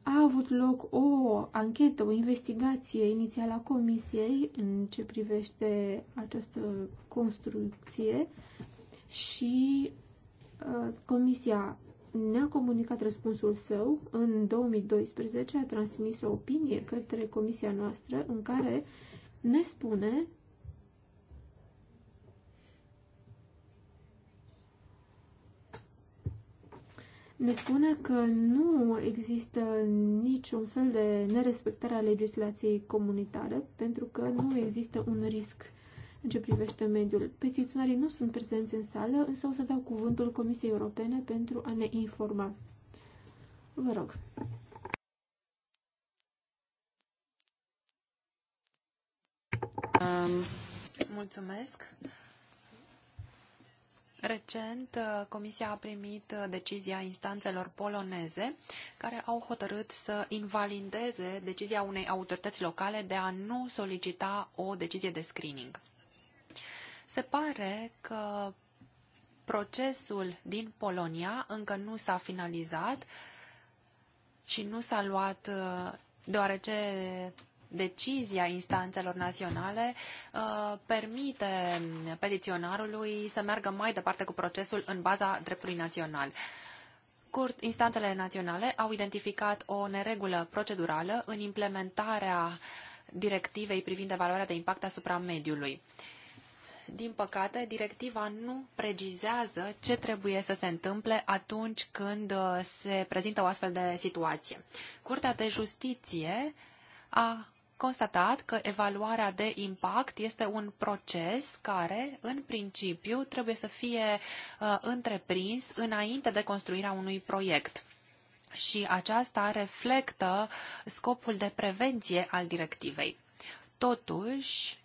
a avut loc o anchetă, o investigație inițială a comisiei în ce privește această construcție și uh, comisia ne-a comunicat răspunsul său în 2012, a transmis o opinie către comisia noastră în care ne spune ne spune că nu există niciun fel de nerespectare a legislației comunitare, pentru că nu există un risc în ce privește mediul. Petiționarii nu sunt prezenți în sală, însă o să dau cuvântul Comisiei Europene pentru a ne informa. Vă rog. Um, mulțumesc. Recent, uh, Comisia a primit uh, decizia instanțelor poloneze care au hotărât să invalideze decizia unei autorități locale de a nu solicita o decizie de screening. Se pare că procesul din Polonia încă nu s-a finalizat și nu s-a luat uh, deoarece decizia instanțelor naționale uh, permite petiționarului să meargă mai departe cu procesul în baza dreptului național. Curt, instanțele naționale au identificat o neregulă procedurală în implementarea directivei privind evaluarea de impact asupra mediului. Din păcate, directiva nu precizează ce trebuie să se întâmple atunci când uh, se prezintă o astfel de situație. Curtea de Justiție a constatat că evaluarea de impact este un proces care, în principiu, trebuie să fie uh, întreprins înainte de construirea unui proiect. Și aceasta reflectă scopul de prevenție al directivei. Totuși,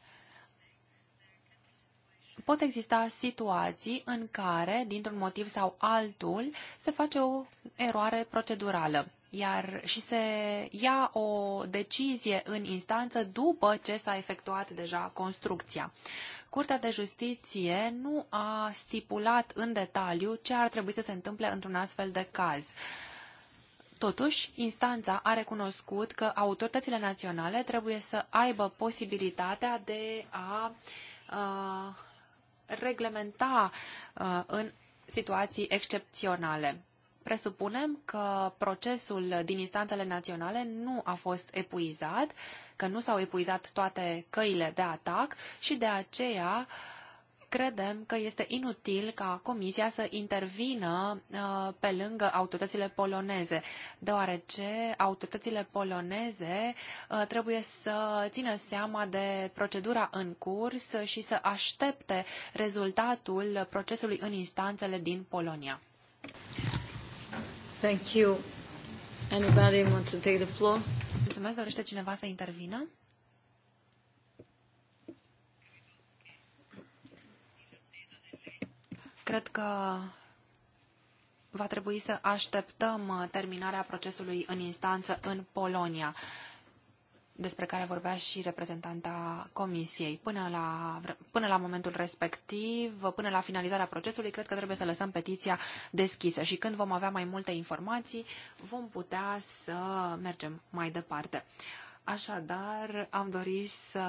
pot exista situații în care, dintr-un motiv sau altul, se face o eroare procedurală iar și se ia o decizie în instanță după ce s-a efectuat deja construcția. Curtea de Justiție nu a stipulat în detaliu ce ar trebui să se întâmple într-un astfel de caz. Totuși, instanța a recunoscut că autoritățile naționale trebuie să aibă posibilitatea de a uh, reglementa uh, în situații excepționale presupunem că procesul din instanțele naționale nu a fost epuizat, că nu s-au epuizat toate căile de atac și de aceea credem că este inutil ca Comisia să intervină uh, pe lângă autoritățile poloneze, deoarece autoritățile poloneze uh, trebuie să țină seama de procedura în curs și să aștepte rezultatul procesului în instanțele din Polonia. Thank you. Anybody want to take the floor? Mulțumesc. Dorește cineva să intervină? Cred că va trebui să așteptăm uh, terminarea procesului în instanță în Polonia despre care vorbea și reprezentanta comisiei. Până la, până la momentul respectiv, până la finalizarea procesului, cred că trebuie să lăsăm petiția deschisă și când vom avea mai multe informații, vom putea să mergem mai departe. Așadar, am dorit să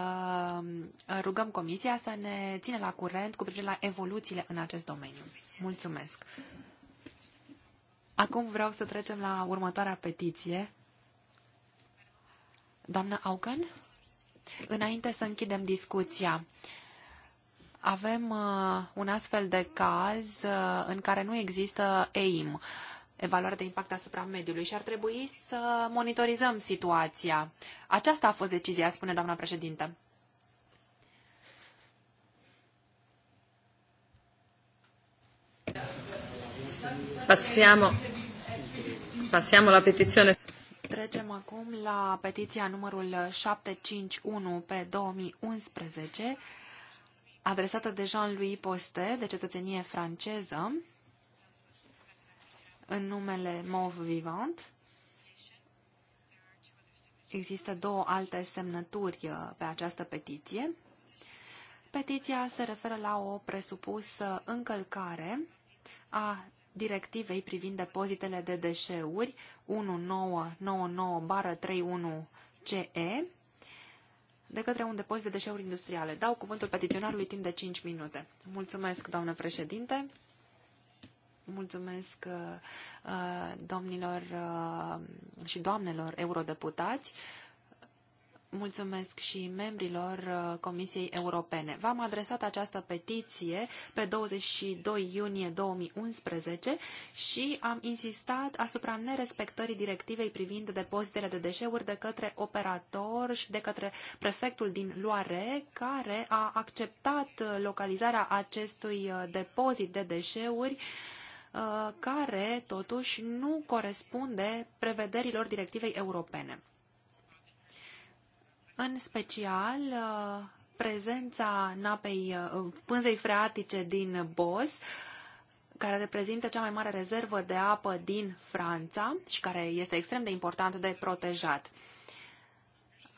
rugăm Comisia să ne ține la curent cu privire la evoluțiile în acest domeniu. Mulțumesc! Acum vreau să trecem la următoarea petiție Doamna Auken, înainte să închidem discuția, avem uh, un astfel de caz uh, în care nu există EIM, evaluare de impact asupra mediului, și ar trebui să monitorizăm situația. Aceasta a fost decizia, spune doamna președintă. Passiamo, passiamo alla petizione. Trecem acum la petiția numărul 751 pe 2011, adresată de Jean-Louis Poste, de cetățenie franceză, în numele Mov Vivant. Există două alte semnături uh, pe această petiție. Petiția se referă la o presupusă încălcare a directivei privind depozitele de deșeuri 1999-31CE de către un depozit de deșeuri industriale. Dau cuvântul petiționarului timp de 5 minute. Mulțumesc, doamnă președinte. Mulțumesc uh, uh, domnilor uh, și doamnelor eurodeputați Mulțumesc și membrilor uh, Comisiei Europene. V-am adresat această petiție pe 22 iunie 2011 și am insistat asupra nerespectării directivei privind depozitele de deșeuri de către operator și de către prefectul din Loare, care a acceptat localizarea acestui uh, depozit de deșeuri uh, care totuși nu corespunde prevederilor directivei europene în special uh, prezența napei, uh, pânzei freatice din Bos, care reprezintă cea mai mare rezervă de apă din Franța și care este extrem de important de protejat.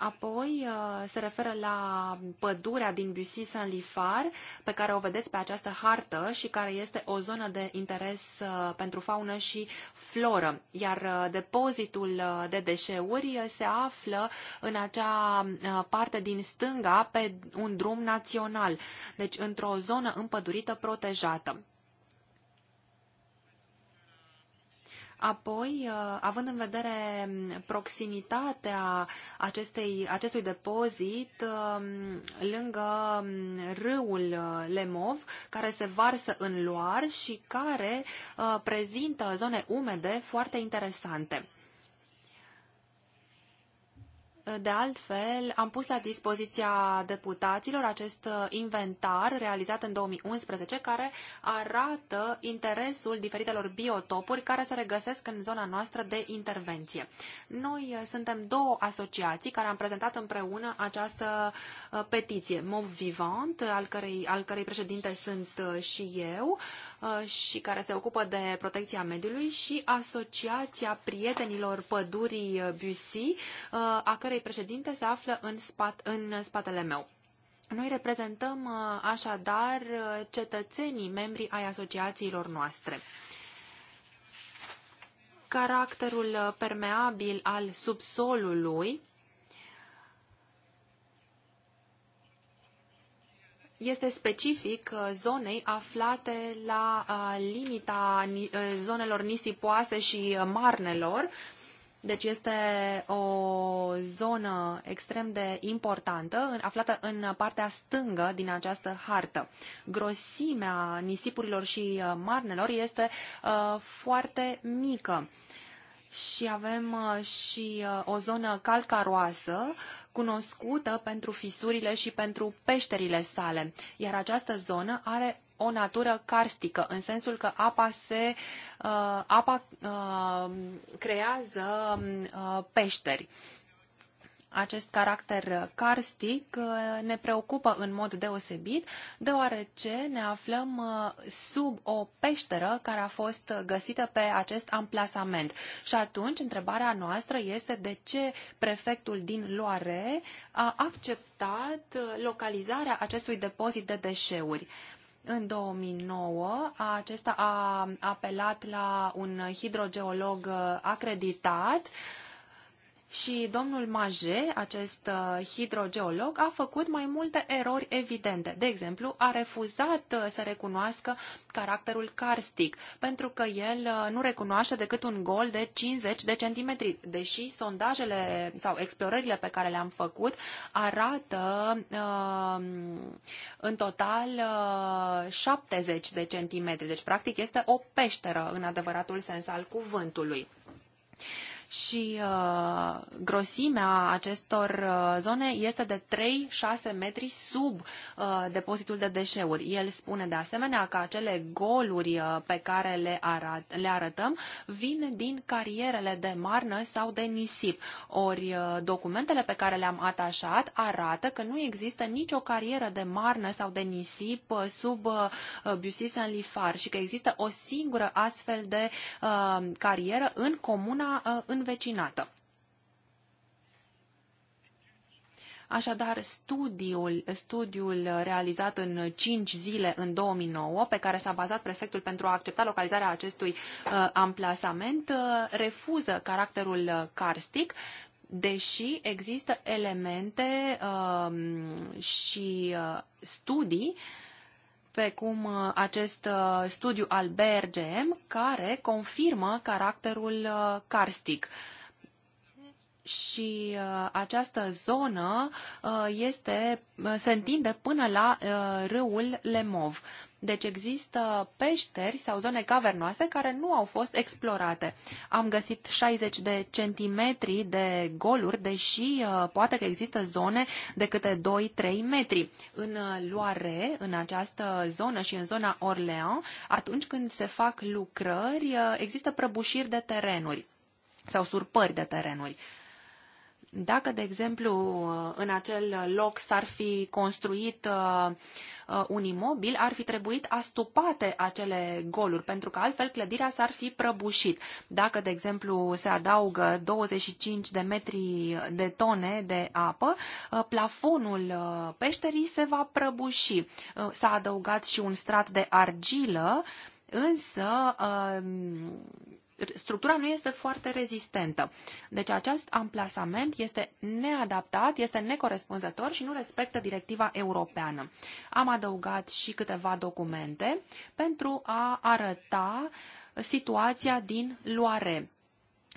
Apoi uh, se referă la pădurea din Bussy Saint-Lifar, pe care o vedeți pe această hartă și care este o zonă de interes uh, pentru faună și floră. Iar uh, depozitul de deșeuri se află în acea parte din stânga pe un drum național, deci într-o zonă împădurită protejată. Apoi, uh, având în vedere um, proximitatea acestei, acestui depozit um, lângă um, râul uh, Lemov, care se varsă în Loar și care uh, prezintă zone umede foarte interesante. De altfel, am pus la dispoziția deputaților acest uh, inventar realizat în 2011 care arată interesul diferitelor biotopuri care se regăsesc în zona noastră de intervenție. Noi uh, suntem două asociații care am prezentat împreună această uh, petiție, Mov Vivant, al cărei, al cărei președinte sunt și eu și care se ocupă de protecția mediului și Asociația Prietenilor Pădurii Bussy, a cărei doamnei președinte se află în, spat, în spatele meu. Noi reprezentăm uh, așadar uh, cetățenii membri ai asociațiilor noastre. Caracterul uh, permeabil al subsolului este specific zonei aflate la limita zonelor nisipoase și marnelor, deci este o zonă extrem de importantă, aflată în partea stângă din această hartă. Grosimea nisipurilor și uh, marnelor este uh, foarte mică. Și avem uh, și o zonă calcaroasă, cunoscută pentru fisurile și pentru peșterile sale, iar această zonă are o natură carstică, în sensul că apa se uh, apa uh, creează uh, peșteri. Acest caracter karstic uh, ne preocupă în mod deosebit, deoarece ne aflăm uh, sub o peșteră care a fost găsită pe acest amplasament. Și atunci, întrebarea noastră este de ce prefectul din Loare a acceptat uh, localizarea acestui depozit de deșeuri. În 2009, acesta a apelat la un hidrogeolog acreditat și domnul Maje, acest uh, hidrogeolog, a făcut mai multe erori evidente. De exemplu, a refuzat uh, să recunoască caracterul karstic, pentru că el uh, nu recunoaște decât un gol de 50 de centimetri, deși sondajele sau explorările pe care le-am făcut arată în total 70 de centimetri. Deci, practic, este o peșteră în adevăratul sens al cuvântului și uh, grosimea acestor uh, zone este de 3-6 metri sub uh, depozitul de deșeuri. El spune de asemenea că acele goluri uh, pe care le, arat, le arătăm vin din carierele de marnă sau de nisip. Ori uh, documentele pe care le-am atașat arată că nu există nicio carieră de marnă sau de nisip sub Bussy Saint-Lifar și că există o singură astfel de carieră în comuna în învecinată. Așadar, studiul, studiul realizat în 5 zile în 2009, pe care s-a bazat prefectul pentru a accepta localizarea acestui uh, amplasament, uh, refuză caracterul uh, karstic, deși există elemente uh, și uh, studii uh, pe cum uh, acest uh, studiu al BRGM, care confirmă caracterul uh, karstic. Și această zonă este, se întinde până la râul Lemov. Deci există peșteri sau zone cavernoase care nu au fost explorate. Am găsit 60 de centimetri de goluri, deși uh, poate că există zone de câte 2-3 metri. În uh, Loire, în această zonă și în zona Orléans, atunci când se fac lucrări, uh, există prăbușiri de terenuri sau surpări de terenuri. Dacă, de exemplu, în acel loc s-ar fi construit uh, un imobil, ar fi trebuit astupate acele goluri, pentru că altfel clădirea s-ar fi prăbușit. Dacă, de exemplu, se adaugă 25 de metri de tone de apă, uh, plafonul uh, peșterii se va prăbuși. S-a adăugat și un strat de argilă, însă structura nu este foarte rezistentă. Deci acest amplasament este neadaptat, este necorespunzător și nu respectă directiva europeană. Am adăugat și câteva documente pentru a arăta situația din luare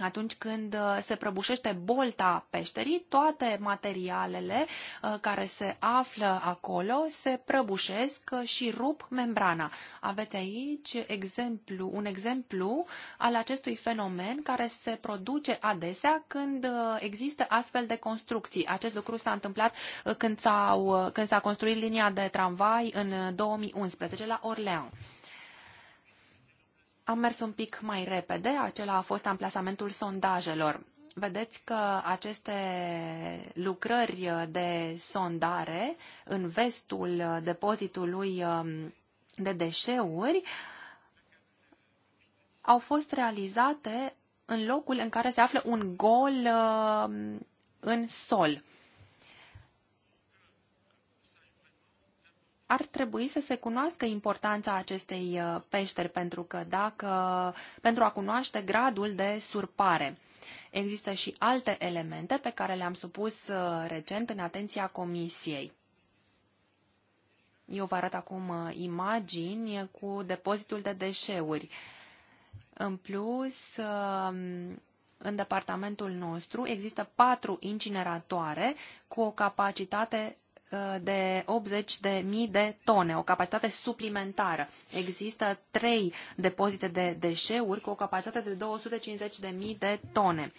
atunci când uh, se prăbușește bolta peșterii, toate materialele uh, care se află acolo se prăbușesc uh, și rup membrana. Aveți aici exemplu, un exemplu al acestui fenomen care se produce adesea când există astfel de construcții. Acest lucru s-a întâmplat când s-a, când s-a construit linia de tramvai în 2011 la Orleans. Am mers un pic mai repede, acela a fost amplasamentul sondajelor. Vedeți că aceste lucrări de sondare în vestul depozitului um, de deșeuri au fost realizate în locul în care se află un gol um, în sol. ar trebui să se cunoască importanța acestei uh, peșteri pentru că dacă, pentru a cunoaște gradul de surpare. Există și alte elemente pe care le-am supus uh, recent în atenția comisiei. Eu vă arăt acum uh, imagini cu depozitul de deșeuri. În plus, um, în departamentul nostru există patru incineratoare cu o capacitate Uh, de 80 de mii de tone, o capacitate suplimentară. Există trei depozite de deșeuri cu o capacitate de 250 de mii de tone.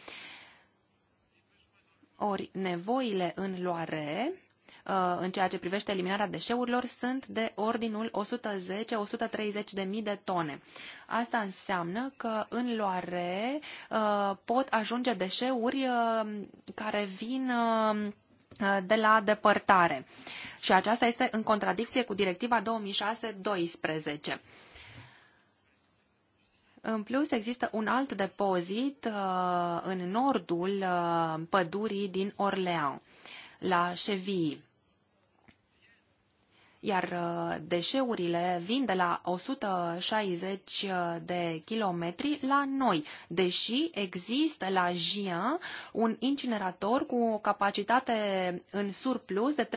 Ori nevoile în luare uh, în ceea ce privește eliminarea deșeurilor sunt de ordinul 110-130 de mii de tone. Asta înseamnă că în luare uh, pot ajunge deșeuri care vin Uh, de la depărtare. Și aceasta este în contradicție cu directiva 2006-12. În plus, există un alt depozit uh, în nordul uh, pădurii din Orleans, la Chevilly iar uh, deșeurile vin de la 160 uh, de kilometri la noi, deși există la Gia un incinerator cu o capacitate în surplus de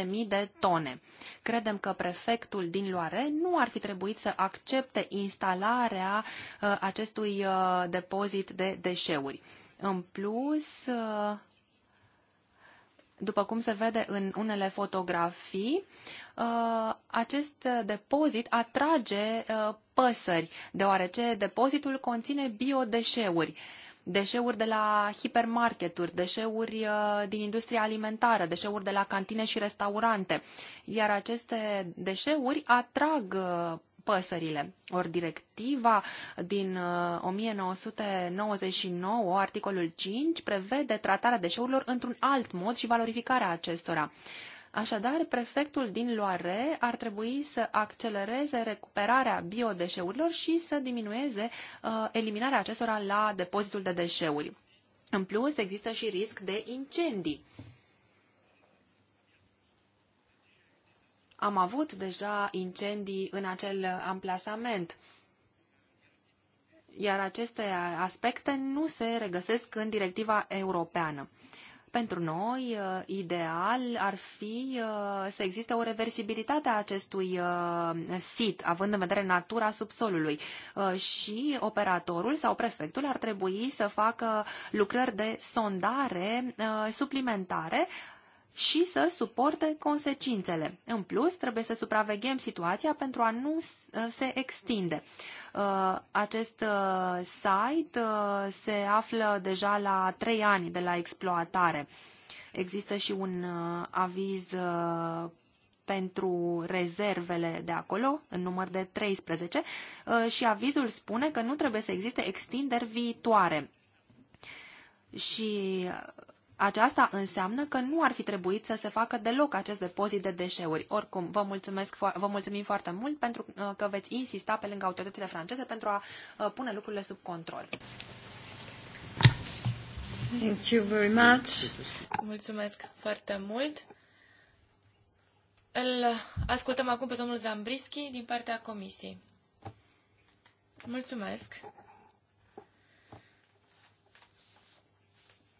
30.000 de tone. Credem că prefectul din Loare nu ar fi trebuit să accepte instalarea uh, acestui depozit de deșeuri. În plus, după cum se vede în unele fotografii, Uh, acest depozit atrage uh, păsări, deoarece depozitul conține biodeșeuri deșeuri de la hipermarketuri, deșeuri uh, din industria alimentară, deșeuri de la cantine și restaurante. Iar aceste deșeuri atrag păsările. Ori directiva din 1999, articolul 5, prevede tratarea deșeurilor într-un alt mod și valorificarea acestora. Așadar, prefectul din Loare ar trebui să accelereze recuperarea biodeșeurilor și să diminueze uh, eliminarea acestora la depozitul de deșeuri. În plus, există și risc de incendii. Am avut deja incendii în acel amplasament, iar aceste aspecte nu se regăsesc în directiva europeană. Pentru noi, uh, ideal ar fi uh, să existe o reversibilitate a acestui uh, sit, având în vedere natura subsolului. Și operatorul sau prefectul ar trebui să facă lucrări de sondare suplimentare și să suporte consecințele. În plus, trebuie să supraveghem situația pentru a nu uh, se extinde. Uh, acest uh, site se află deja la trei ani de la exploatare. Există și un aviz pentru rezervele de acolo, în număr de 13, și avizul spune că nu trebuie să existe extinderi viitoare. Și aceasta înseamnă că nu ar fi trebuit să se facă deloc acest depozit de deșeuri. Oricum, vă, mulțumesc, vă mulțumim foarte mult pentru uh, că veți insista pe lângă autoritățile franceze pentru a uh, pune lucrurile sub control. Thank you very much. Mulțumesc foarte mult. Îl ascultăm acum pe domnul Zambrischi din partea comisiei. Mulțumesc.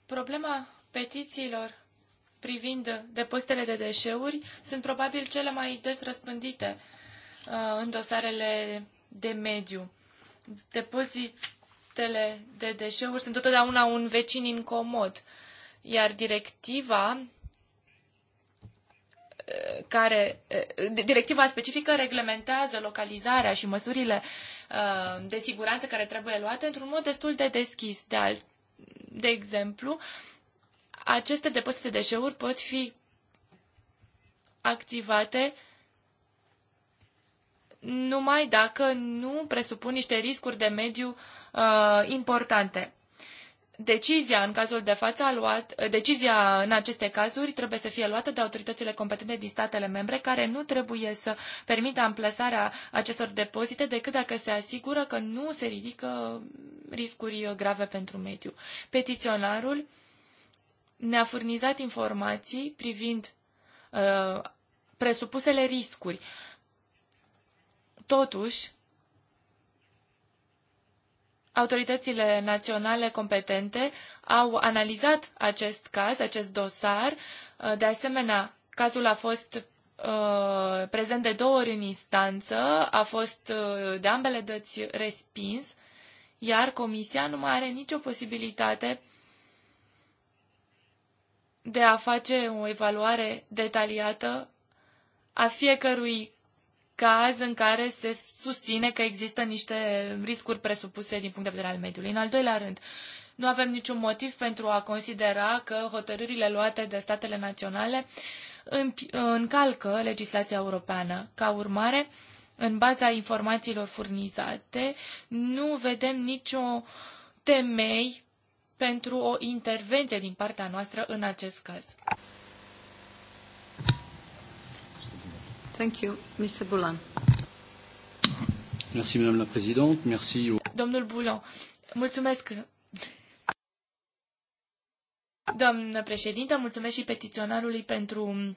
Problema petițiilor privind depozitele de deșeuri sunt probabil cele mai des răspândite uh, în dosarele de mediu. Depozitele de deșeuri sunt totdeauna un vecin incomod, iar directiva uh, care, uh, directiva specifică reglementează localizarea și măsurile de siguranță care trebuie luate într-un mod destul de deschis. De, alt, de exemplu, aceste depozite de deșeuri pot fi activate numai dacă nu presupun niște riscuri de mediu uh, importante. Decizia în cazul de față a luat, decizia în aceste cazuri trebuie să fie luată de autoritățile competente din statele membre care nu trebuie să permită amplasarea acestor depozite decât dacă se asigură că nu se ridică riscuri grave pentru mediu. Petiționarul uh, ne-a furnizat informații privind uh, presupusele riscuri. Totuși, autoritățile naționale competente au analizat acest caz, acest dosar. Uh, de asemenea, cazul a fost uh, prezent de două ori în instanță, a fost uh, de ambele dăți respins, iar Comisia nu mai are nicio posibilitate de a face o evaluare detaliată a fiecărui caz în care se susține că există niște riscuri presupuse din punct de vedere al mediului. În al doilea rând, nu avem niciun motiv pentru a considera că hotărârile luate de statele naționale încalcă legislația europeană. Ca urmare, în baza informațiilor furnizate, nu vedem nicio temei pentru o intervenție din partea noastră în acest caz. Thank you, Mr. Boulan. Merci, Madame la Présidente. Merci. Domnul Boulan, mulțumesc. Doamnă președintă, mulțumesc și petiționarului pentru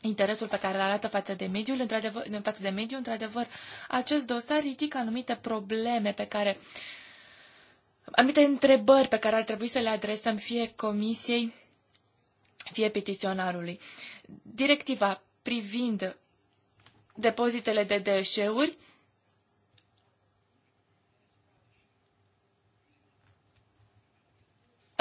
interesul pe care îl arată față de mediul, într-adevăr, față de mediu, într-adevăr, acest dosar ridică anumite probleme pe care uh, anumite întrebări pe care ar trebui să le adresăm fie comisiei, fie petiționarului. Directiva privind depozitele de deșeuri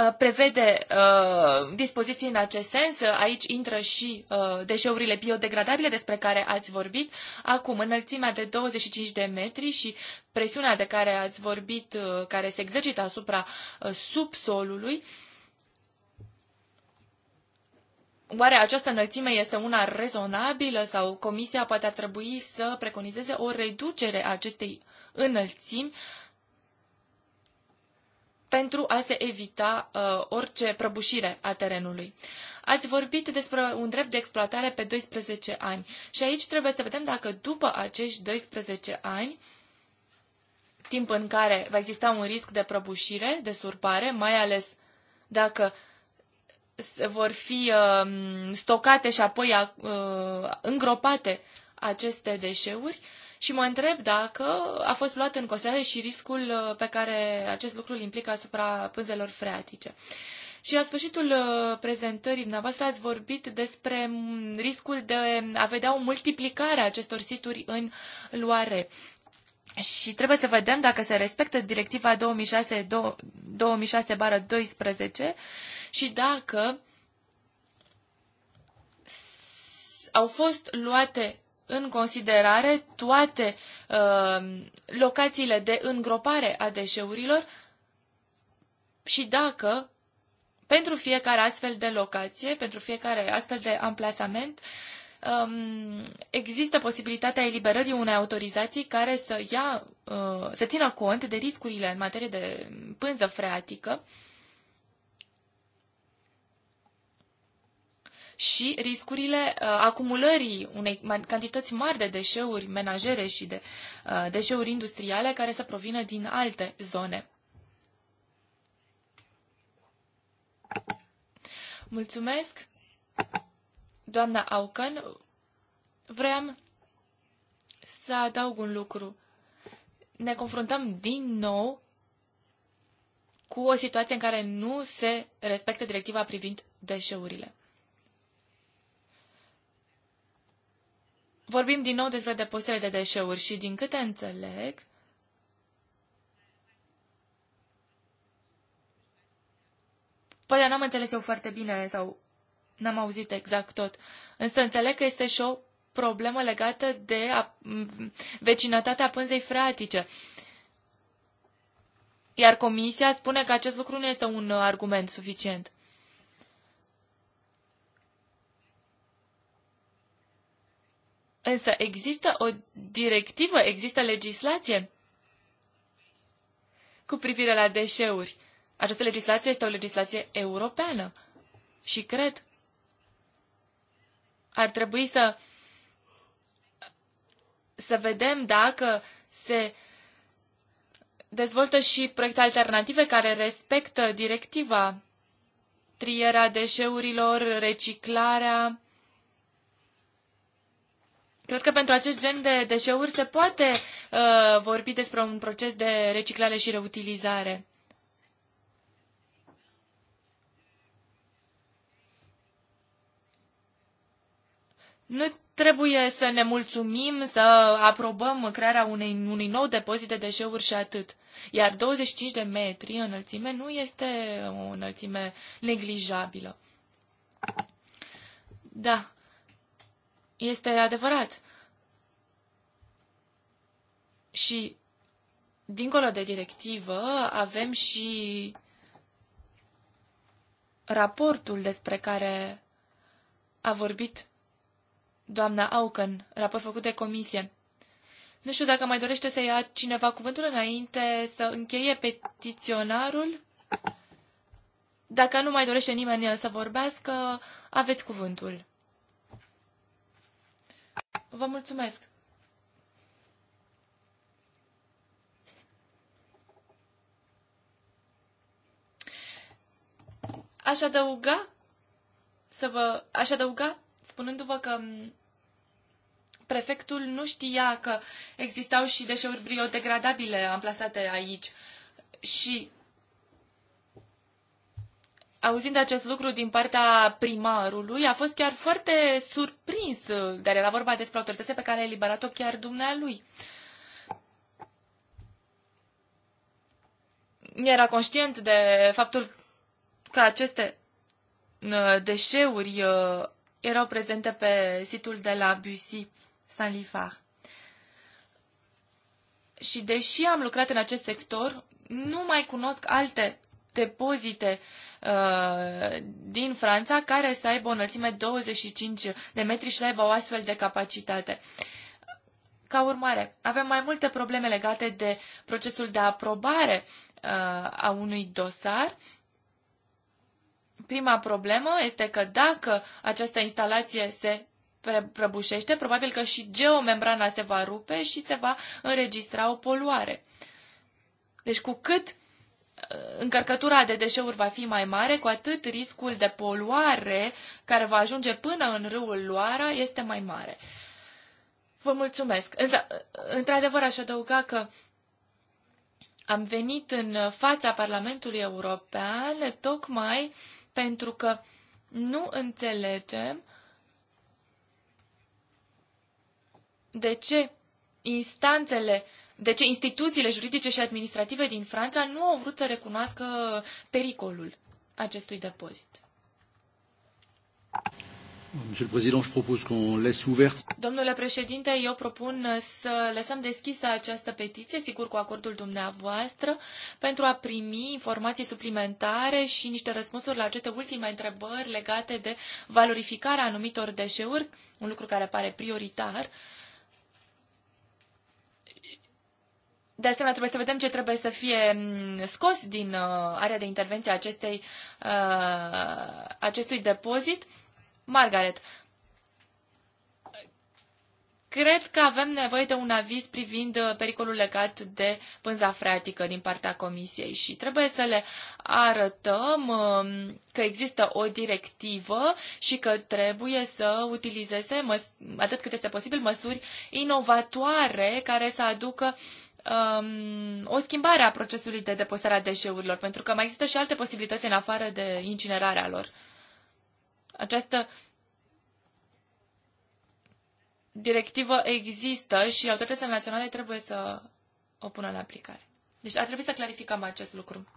Uh, prevede uh, dispoziții în acest sens. Aici intră și uh, deșeurile biodegradabile despre care ați vorbit. Acum, înălțimea de 25 de metri și presiunea de care ați vorbit, uh, care se exercită asupra uh, subsolului, Oare această înălțime este una rezonabilă sau Comisia poate ar trebui să preconizeze o reducere a acestei înălțimi uh, pentru a se evita uh, orice prăbușire a terenului. Ați vorbit despre un drept de exploatare pe 12 ani și aici trebuie să vedem dacă după acești 12 ani, timp în care va exista un risc de prăbușire, de surpare, mai ales dacă vor fi uh, stocate și apoi uh, îngropate aceste deșeuri, uh, și mă întreb dacă a fost luat în considerare și riscul uh, pe care acest lucru îl implică asupra pânzelor freatice. Și la sfârșitul uh, prezentării dumneavoastră ați vorbit despre riscul de a vedea o multiplicare a acestor situri în luare. Și trebuie să vedem dacă se respectă directiva 2006-12 și dacă au fost luate în considerare toate uh, locațiile de îngropare a deșeurilor și dacă pentru fiecare astfel de locație, pentru fiecare astfel de amplasament, um, există posibilitatea eliberării unei autorizații care să, ia, uh, să țină cont de riscurile în materie de pânză freatică uh, și riscurile uh, acumulării unei cantități mari de deșeuri menajere și de uh, deșeuri industriale care să provină din alte zone. Mulțumesc, doamna Aucan. Vreau să adaug un lucru. Ne confruntăm din nou cu o situație în care nu se respectă directiva privind deșeurile. vorbim din nou despre depozitele de deșeuri și din câte înțeleg, Poate n-am înțeles eu foarte bine sau n-am auzit exact tot. Însă înțeleg că este și o problemă legată de a, vecinătatea pânzei fratice. Iar comisia spune că acest lucru nu este un argument suficient. Însă există o directivă, există legislație cu privire la deșeuri. Această legislație este o legislație europeană și cred ar trebui să să vedem dacă se dezvoltă și proiecte alternative care respectă directiva triera deșeurilor, reciclarea Cred că pentru acest gen de deșeuri se poate uh, vorbi despre un proces de reciclare și reutilizare. Nu trebuie să ne mulțumim, să aprobăm crearea unei, unui nou depozit de deșeuri și atât. Iar 25 de metri înălțime nu este o înălțime neglijabilă. Da, este adevărat. Și, dincolo de directivă, avem și raportul despre care a vorbit doamna Auken, raport făcut de comisie. Nu știu dacă mai dorește să ia cineva cuvântul înainte să încheie petiționarul. Dacă nu mai dorește nimeni să vorbească, aveți cuvântul. Vă mulțumesc! Aș adăuga să vă, aș adăuga spunându-vă că mm, prefectul nu știa că existau și deșeuri biodegradabile eh, amplasate aici și auzind acest lucru din partea primarului, a fost chiar foarte surprins, dar era vorba despre autoritățile pe care a eliberat-o chiar dumnealui. Era conștient de faptul că aceste uh, deșeuri uh, erau prezente pe situl de la Bussy, Saint-Lifard. Și deși am lucrat în acest sector, nu mai cunosc alte depozite uh, Uh, din Franța care să aibă o înălțime 25 de metri și să aibă o astfel de capacitate. Ca urmare, avem mai multe probleme legate de procesul de aprobare uh, a unui dosar. Prima problemă este că dacă această instalație se prăbușește, probabil că și geomembrana se va rupe și se va înregistra o poluare. Deci cu cât încărcătura de deșeuri va fi mai mare, cu atât riscul de poluare care va ajunge până în râul Loara este mai mare. Vă mulțumesc. Însă, într-adevăr, aș adăuga că am venit în fața Parlamentului European tocmai pentru că nu înțelegem de ce instanțele uh, de ce instituțiile juridice și administrative din Franța nu au vrut să recunoască pericolul acestui depozit. Domnule președinte, eu propun să lăsăm deschisă această petiție, sigur cu acordul dumneavoastră, pentru a primi informații suplimentare și niște răspunsuri la aceste ultime întrebări legate de valorificarea anumitor deșeuri, un lucru care pare prioritar, uh, De asemenea, trebuie să vedem ce trebuie să fie mm, scos din uh, area de intervenție a acestei, uh, acestui depozit. Margaret, cred că avem nevoie de un aviz privind uh, pericolul legat de pânza freatică din partea Comisiei și trebuie să le arătăm um, că există o directivă și că trebuie să utilizeze atât cât este posibil măsuri inovatoare care să aducă um, o schimbare a procesului de depostare a deșeurilor, pentru că mai există și alte posibilități în afară de incinerarea lor. Această directivă există și autoritățile naționale trebuie să o pună în aplicare. Deci ar trebui să clarificăm acest lucru.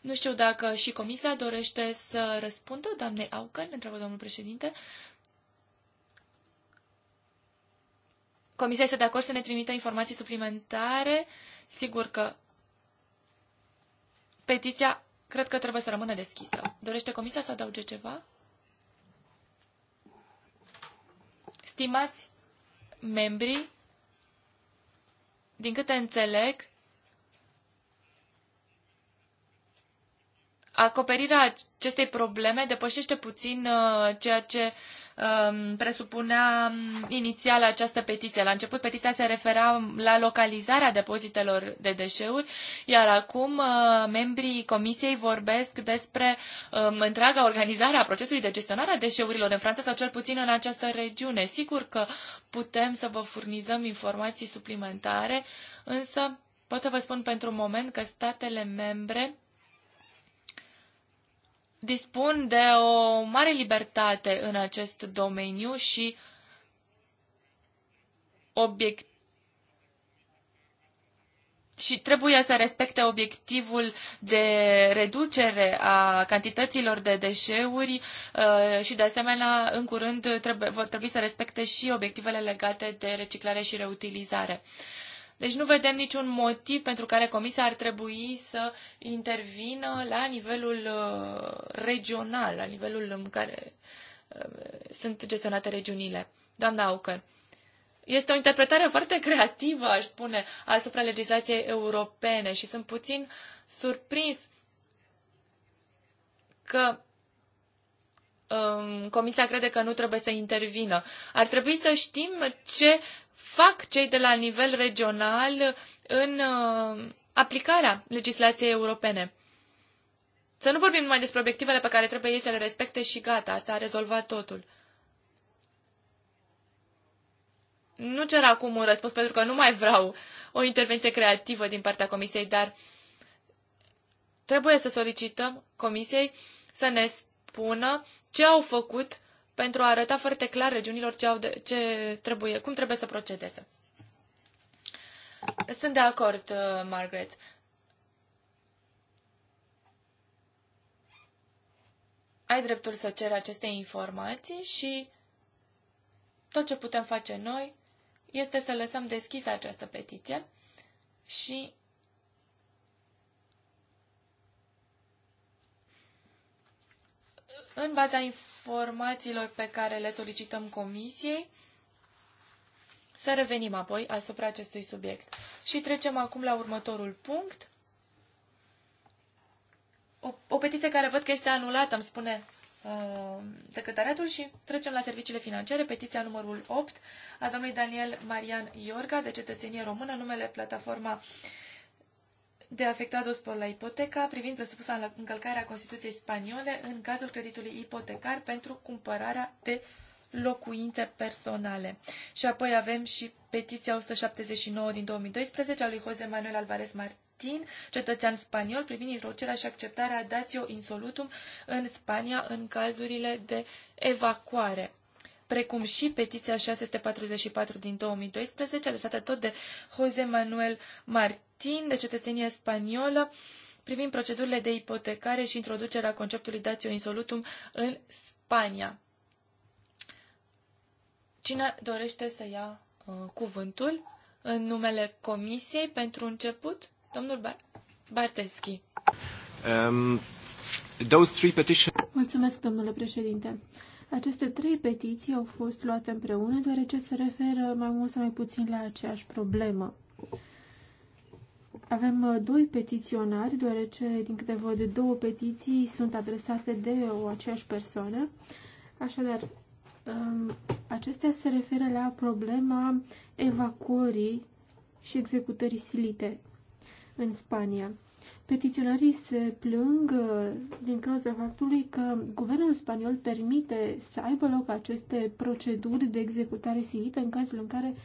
Nu știu dacă și comisia dorește să răspundă, doamnei Aucăn, întreabă domnul președinte. Comisia este de acord să ne trimită informații suplimentare. Sigur că petiția cred că trebuie să rămână deschisă. Dorește Comisia să adauge ceva? Stimați membrii, din câte înțeleg, acoperirea acestei probleme depășește puțin uh, ceea ce uh, presupunea mm, inițial această petiție. La început petiția se refera la localizarea depozitelor de deșeuri, iar acum uh, membrii comisiei vorbesc despre um, întreaga organizare a procesului de gestionare a deșeurilor în Franța sau cel puțin în această regiune. Sigur că putem să vă furnizăm informații suplimentare, însă pot să vă spun pentru un moment că statele membre dispun de o mare libertate în acest domeniu și obiect și trebuie să respecte obiectivul de reducere a cantităților de deșeuri uh, și, de asemenea, în curând trebuie, vor trebui să respecte și obiectivele legate de reciclare și reutilizare. Deci nu vedem niciun motiv pentru care Comisia ar trebui să intervină la nivelul uh, regional, la nivelul în care uh, sunt gestionate regiunile. Doamna Aucăr, este o interpretare foarte creativă, aș spune, asupra legislației europene și sunt puțin surprins că um, Comisia crede că nu trebuie să intervină. Ar trebui să știm ce fac cei de la nivel regional în uh, aplicarea legislației europene. Să nu vorbim numai despre obiectivele pe care trebuie ei să le respecte și gata, asta a rezolvat totul. Nu cer acum un răspuns pentru că nu mai vreau o intervenție creativă din partea comisiei, dar trebuie să solicităm comisiei să ne spună ce au făcut pentru a arăta foarte clar regiunilor ce, au de, ce trebuie, cum trebuie să procedeze. Sunt de acord, uh, Margaret. Ai dreptul să ceri aceste informații și tot ce putem face noi este să lăsăm deschisă această petiție și în baza informațiilor pe care le solicităm comisiei, să revenim apoi asupra acestui subiect. Și trecem acum la următorul punct. O, o petiție care văd că este anulată, îmi spune uh, secretariatul și trecem la serviciile financiare. Petiția numărul 8 a domnului Daniel Marian Iorga de cetățenie română, numele plataforma uh, de afectados por la ipoteca privind presupusa încălcarea Constituției spaniole în cazul creditului ipotecar pentru cumpărarea de locuințe personale. Și apoi avem și petiția 179 din 2012 a lui Jose Manuel Alvarez Martin, cetățean spaniol, privind introducerea și acceptarea Dațio insolutum în Spania în cazurile de evacuare precum și petiția 644 din 2012, adresată tot de Jose Manuel Martin, latin de cetățenie spaniolă privind procedurile de ipotecare și introducerea conceptului datio insolutum în Spania. Cine dorește să ia uh, cuvântul în numele Comisiei pentru început? Domnul ba- Barteschi. Um, those three petitions... Mulțumesc, domnule președinte. Aceste trei petiții au fost luate împreună deoarece se referă mai mult sau mai puțin la aceeași problemă. Avem uh, doi petiționari, deoarece, din câte văd, două petiții sunt adresate de o aceeași persoană. Așadar, um, acestea se referă la problema evacuării și executării silite în Spania. Petiționarii se plâng uh, din cauza faptului că guvernul spaniol permite să aibă loc aceste proceduri de executare silită în cazul în care uh,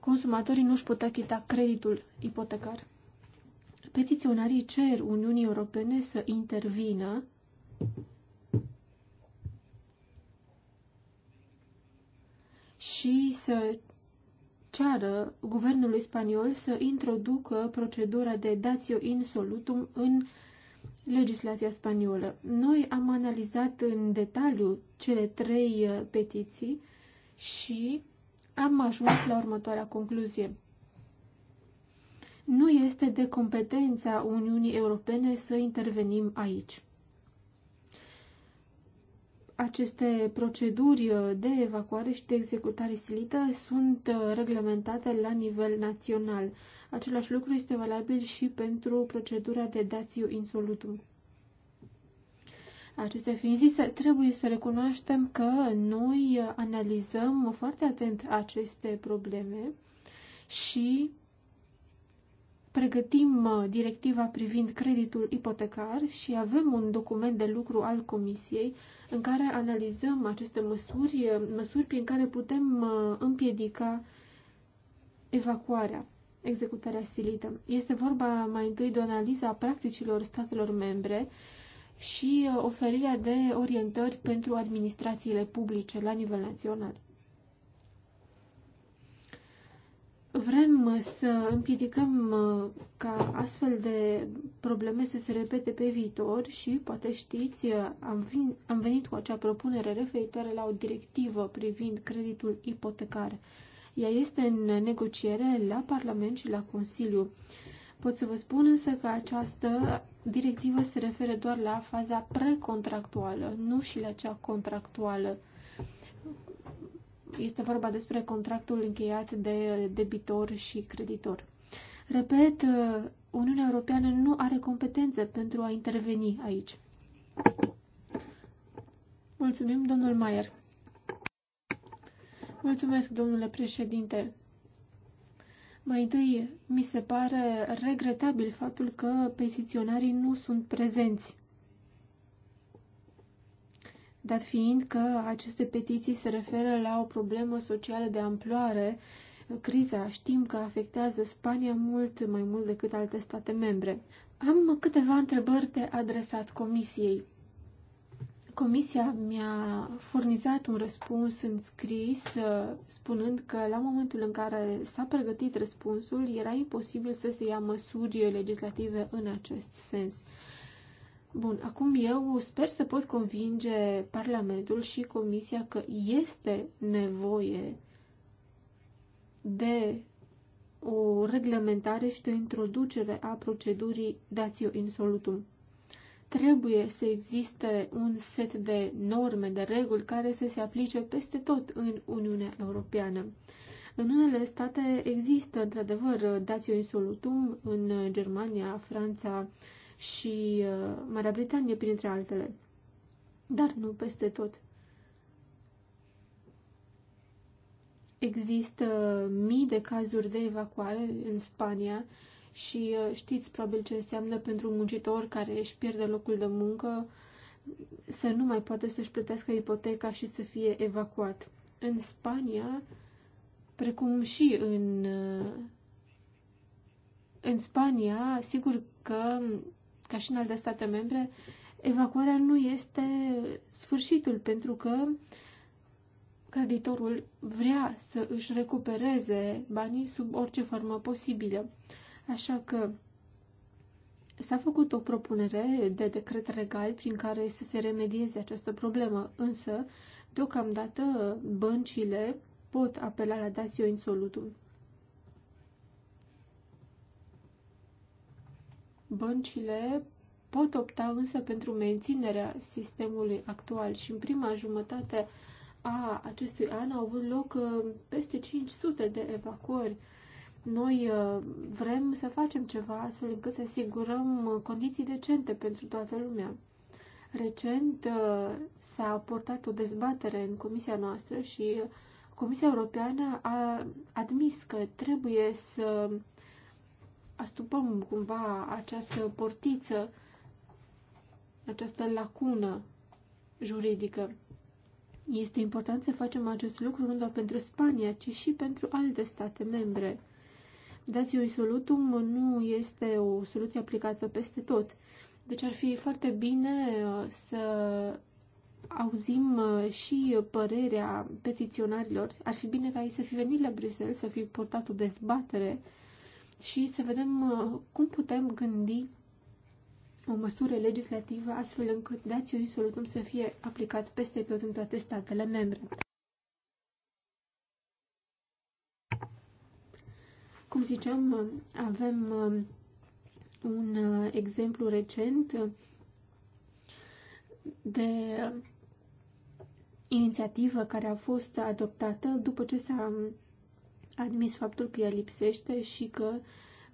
consumatorii nu își pot achita creditul ipotecar. Petiționarii cer Uniunii Europene să intervină și să ceară guvernului spaniol să introducă procedura de datio in solutum în legislația spaniolă. Noi am analizat în detaliu cele trei uh, petiții și am ajuns la următoarea concluzie. Nu este de competența Uniunii Europene să intervenim aici. Aceste proceduri de evacuare și de executare silită sunt uh, reglementate la nivel național. Același lucru este valabil și pentru procedura de dațiu insolutum. Acestea fiind zise, trebuie să recunoaștem că noi analizăm foarte atent aceste probleme și pregătim uh, directiva privind creditul ipotecar și avem un document de lucru al Comisiei în care analizăm aceste măsuri, uh, măsuri prin care putem uh, împiedica evacuarea, executarea silită. Este vorba mai întâi de o analiză a practicilor statelor membre și uh, oferirea de orientări pentru administrațiile publice la nivel național. Vrem uh, să împiedicăm uh, ca astfel de probleme să se repete pe viitor și, poate știți, am, am venit cu acea propunere referitoare la o directivă privind creditul ipotecar. Ea este în negociere la Parlament și la Consiliu. Pot să vă spun însă că această directivă se referă doar la faza precontractuală, nu și la cea contractuală. Este vorba despre contractul încheiat de debitor și creditor. Repet, Uniunea Europeană nu are competențe pentru a interveni aici. Mulțumim, domnul Maier. Mulțumesc, domnule președinte. Mai întâi, mi se pare regretabil faptul că petiționarii nu sunt prezenți. Dat fiind că aceste petiții se referă la o problemă socială de amploare, criza știm că afectează Spania mult mai mult decât alte state membre. Am câteva întrebări de adresat Comisiei. Comisia mi-a furnizat un răspuns în scris, uh, spunând că la momentul în care s-a pregătit răspunsul, era imposibil să se ia măsuri legislative în acest sens. Bun, acum eu sper să pot convinge Parlamentul și Comisia că este nevoie de o reglementare și de o introducere a procedurii datio insolutum trebuie să existe un set de norme, de reguli care să se aplice peste tot în Uniunea Europeană. În unele state există, într-adevăr, datio insolutum în Germania, Franța și uh, Marea Britanie, printre altele. Dar nu peste tot. Există mii de cazuri de evacuare în Spania și uh, știți probabil ce înseamnă pentru un muncitor care își pierde locul de muncă să nu mai poată să-și plătească ipoteca și să fie evacuat. În Spania, precum și în, uh, în Spania, sigur că, ca și în alte state membre, evacuarea nu este sfârșitul, pentru că creditorul vrea să își recupereze banii sub orice formă posibilă. Așa că s-a făcut o propunere de decret regal prin care să se remedieze această problemă, însă, deocamdată, băncile pot apela la datio insolutum. Băncile pot opta însă pentru menținerea sistemului actual și în prima jumătate a acestui an au avut loc uh, peste 500 de evacuări noi uh, vrem să facem ceva astfel încât să asigurăm uh, condiții decente pentru toată lumea. Recent uh, s-a portat o dezbatere în comisia noastră și Comisia Europeană a admis că trebuie să astupăm cumva această portiță, această lacună juridică. Este important să facem acest lucru nu doar pentru Spania, ci și pentru alte state membre. Dațiul solutum nu este o soluție aplicată peste tot. Deci ar fi foarte bine uh, să auzim uh, și părerea petiționarilor. Ar fi bine ca ei să fi venit la Bruxelles, să fi portat o dezbatere și să vedem uh, cum putem gândi o măsură legislativă astfel încât dațiul solutum să fie aplicat peste tot în toate statele membre. Cum ziceam, avem um, un uh, exemplu recent de inițiativă care a fost adoptată după ce s-a um, admis faptul că ea lipsește și că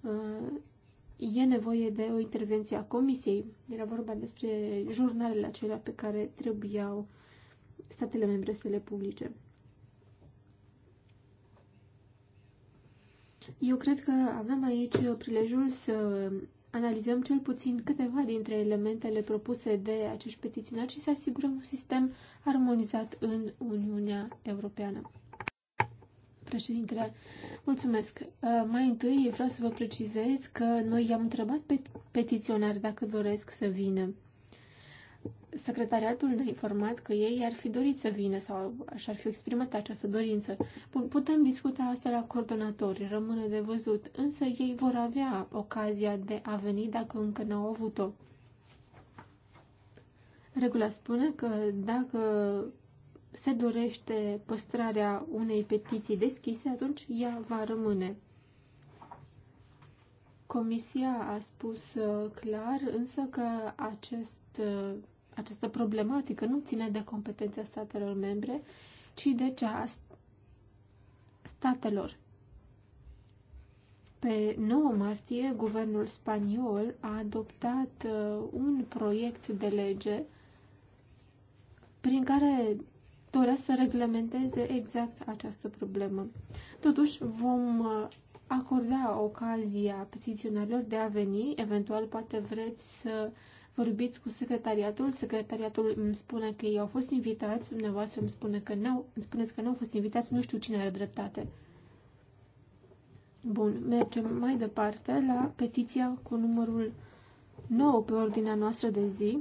uh, e nevoie de o intervenție a comisiei. Era vorba despre jurnalele acelea pe care trebuiau statele membre să le publice. Eu cred că avem aici prilejul să analizăm cel puțin câteva dintre elementele propuse de acești petiționari și să asigurăm un sistem armonizat în Uniunea Europeană. Președintele, mulțumesc. Uh, mai întâi vreau să vă precizez că noi i-am întrebat pe petiționari dacă doresc să vină secretariatul ne-a informat că ei ar fi dorit să vină sau și-ar fi exprimat această dorință. putem discuta asta la coordonatori, rămâne de văzut, însă ei vor avea ocazia de a veni dacă încă n-au avut-o. Regula spune că dacă se dorește păstrarea unei petiții deschise, atunci ea va rămâne. Comisia a spus uh, clar însă că acest uh, această problematică nu ține de competența statelor membre, ci de cea statelor. Pe 9 martie, guvernul spaniol a adoptat uh, un proiect de lege prin care dorea să reglementeze exact această problemă. Totuși, vom uh, acorda ocazia petiționarilor de a veni, eventual poate vreți să uh, vorbiți cu secretariatul, secretariatul îmi spune că ei au fost invitați, dumneavoastră îmi, spune că n-au, îmi spuneți că nu au fost invitați, nu știu cine are dreptate. Bun, mergem mai departe la petiția cu numărul 9 pe ordinea noastră de zi,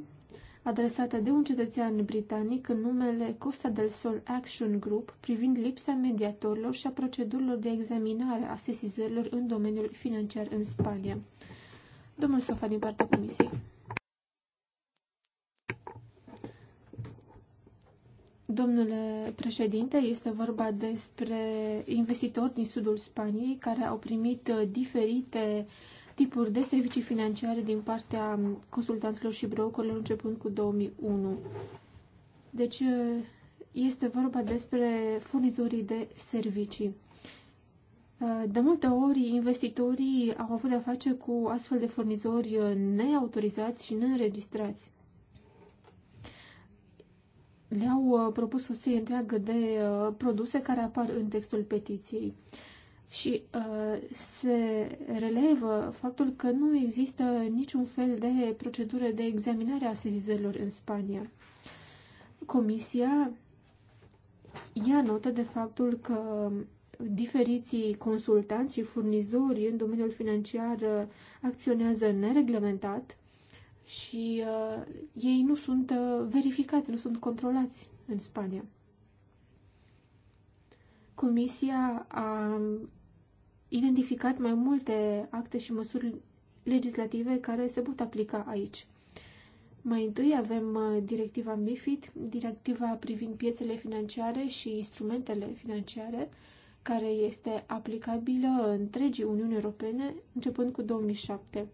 adresată de un cetățean britanic în numele Costa del Sol Action Group privind lipsa mediatorilor și a procedurilor de examinare a sesizărilor în domeniul financiar în Spania. Domnul Sofa din partea Comisiei. Domnule președinte, este vorba despre investitori din sudul Spaniei care au primit uh, diferite tipuri de servicii financiare din partea consultanților și brokerilor începând cu 2001. Deci uh, este vorba despre furnizorii de servicii. Uh, de multe ori, investitorii au avut de-a face cu astfel de furnizori neautorizați și neînregistrați le-au uh, propus o serie întreagă de uh, produse care apar în textul petiției. Și uh, se relevă faptul că nu există niciun fel de procedură de examinare a sezizărilor în Spania. Comisia ia notă de faptul că diferiții consultanți și furnizori în domeniul financiar uh, acționează nereglementat și uh, ei nu sunt uh, verificați, nu sunt controlați în Spania. Comisia a identificat mai multe acte și măsuri legislative care se pot aplica aici. Mai întâi avem uh, directiva MIFID, directiva privind piețele financiare și instrumentele financiare, care este aplicabilă întregii Uniuni Europene, începând cu 2007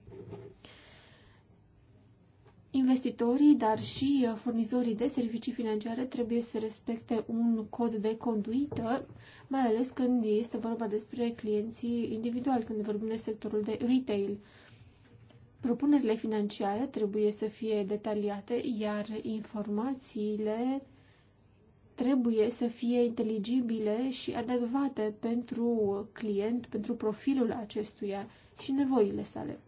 investitorii, dar și uh, furnizorii de servicii financiare trebuie să respecte un cod de conduită, mai ales când este vorba despre clienții individuali, când vorbim de sectorul de retail. Propunerile financiare trebuie să fie detaliate, iar informațiile trebuie să fie inteligibile și adecvate pentru client, pentru profilul acestuia și nevoile sale.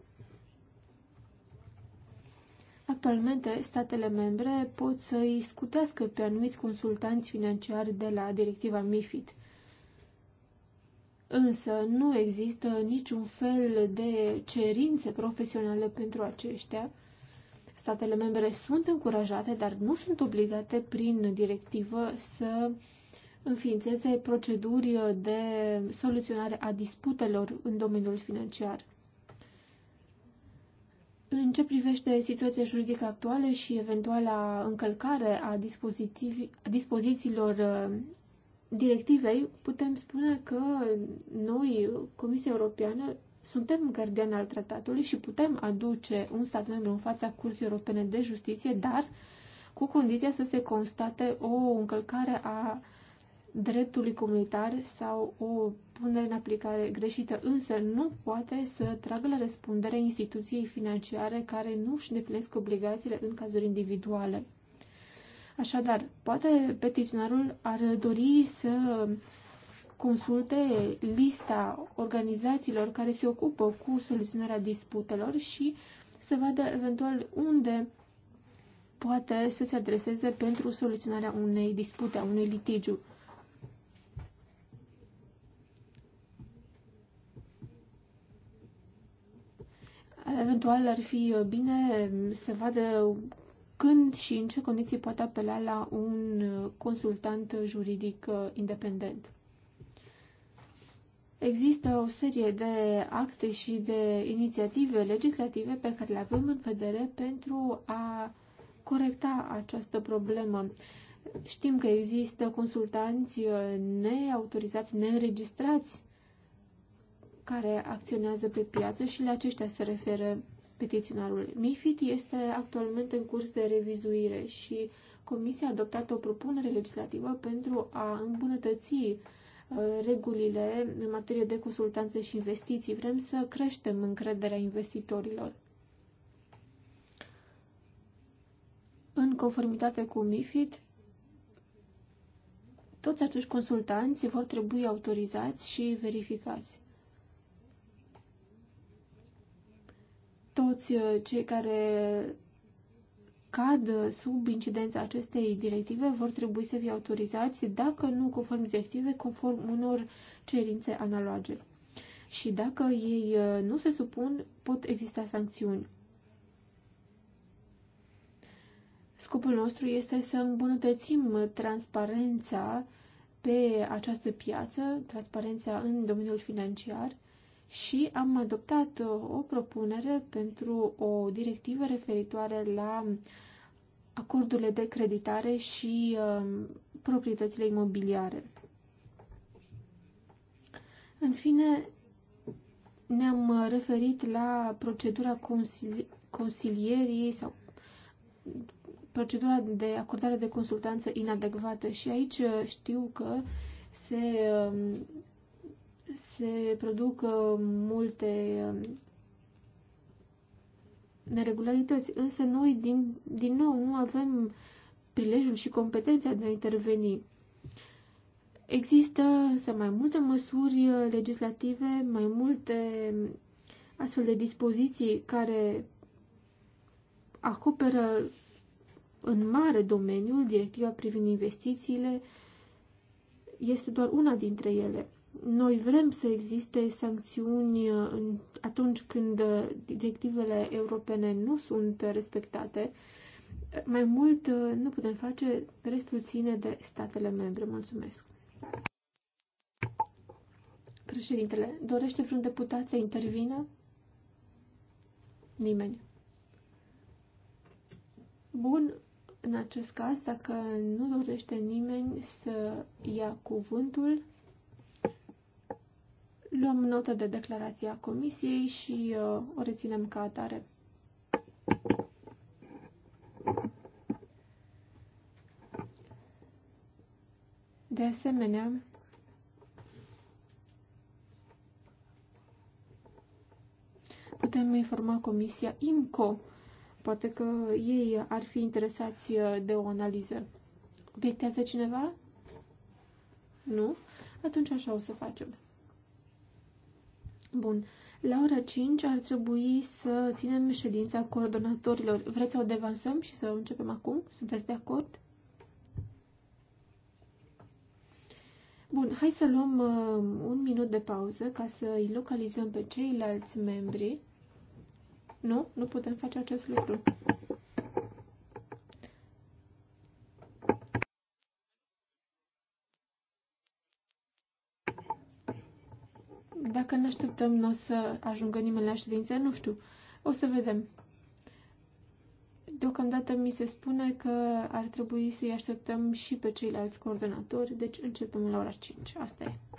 Actualmente, statele membre pot să îi scutească pe anumiți consultanți financiari de la directiva MIFID. Însă nu există niciun fel de cerințe profesionale pentru aceștia. Statele membre sunt încurajate, dar nu sunt obligate prin directivă să înființeze proceduri de soluționare a disputelor în domeniul financiar. În ce privește situația juridică actuală și eventuala încălcare a dispozițiilor uh, directivei, putem spune că noi, Comisia Europeană, suntem gardian al tratatului și putem aduce un stat membru în fața Curții Europene de Justiție, dar cu condiția să se constate o încălcare a dreptului comunitar sau o punere în aplicare greșită, însă nu poate să tragă la răspundere instituției financiare care nu își deplinesc obligațiile în cazuri individuale. Așadar, poate petiționarul ar dori să consulte lista organizațiilor care se ocupă cu soluționarea disputelor și să vadă eventual unde poate să se adreseze pentru soluționarea unei dispute, a unui litigiu. Eventual ar fi uh, bine mm, să vadă când și în ce condiții poate apela la un uh, consultant juridic uh, independent. Există o serie de acte și de inițiative legislative pe care le avem în vedere pentru a corecta această problemă. Știm că există consultanți neautorizați, neînregistrați care acționează pe piață și la aceștia se referă petiționarul. MIFID este actualmente în curs de revizuire și Comisia a adoptat o propunere legislativă pentru a îmbunătăți uh, regulile în materie de consultanță și investiții. Vrem să creștem încrederea investitorilor. În conformitate cu MIFID, toți acești consultanți vor trebui autorizați și verificați. toți uh, cei care cad uh, sub incidența acestei directive vor trebui să fie autorizați, dacă nu conform directive, conform unor cerințe analoge. Și dacă ei uh, nu se supun, pot exista sancțiuni. Scopul nostru este să îmbunătățim transparența pe această piață, transparența în domeniul financiar și am adoptat uh, o propunere pentru o directivă referitoare la acordurile de creditare și um, proprietățile imobiliare. În fine, ne-am uh, referit la procedura consili- consilierii sau procedura de acordare de consultanță inadecvată și aici uh, știu că se um, se produc uh, multe um, neregularități, însă noi, din, din nou, nu avem prilejul și competența de a interveni. Există însă mai multe măsuri uh, legislative, mai multe um, astfel de dispoziții care acoperă în mare domeniul, directiva privind investițiile, este doar una dintre ele. Noi vrem să existe sancțiuni uh, atunci când uh, directivele europene nu sunt respectate. Mai mult uh, nu putem face, restul ține de statele membre. Mulțumesc. Președintele, dorește vreun deputat să intervină? Nimeni. Bun, în acest caz, dacă nu dorește nimeni să ia cuvântul, Luăm notă de declarația comisiei și uh, o reținem ca atare. De asemenea, putem informa Comisia IMCO. Poate că ei ar fi interesați uh, de o analiză. Obiectează cineva? Nu? Atunci așa o să facem. Bun. La ora 5 ar trebui să ținem ședința coordonatorilor. Vreți să o devansăm și să începem acum? Sunteți de acord? Bun, hai să luăm uh, un minut de pauză ca să îi localizăm pe ceilalți membri. Nu? Nu putem face acest lucru. așteptăm, nu o să ajungă nimeni la ședință, nu știu. O să vedem. Deocamdată mi se spune că ar trebui să-i așteptăm și pe ceilalți coordonatori, deci începem la ora 5. Asta e.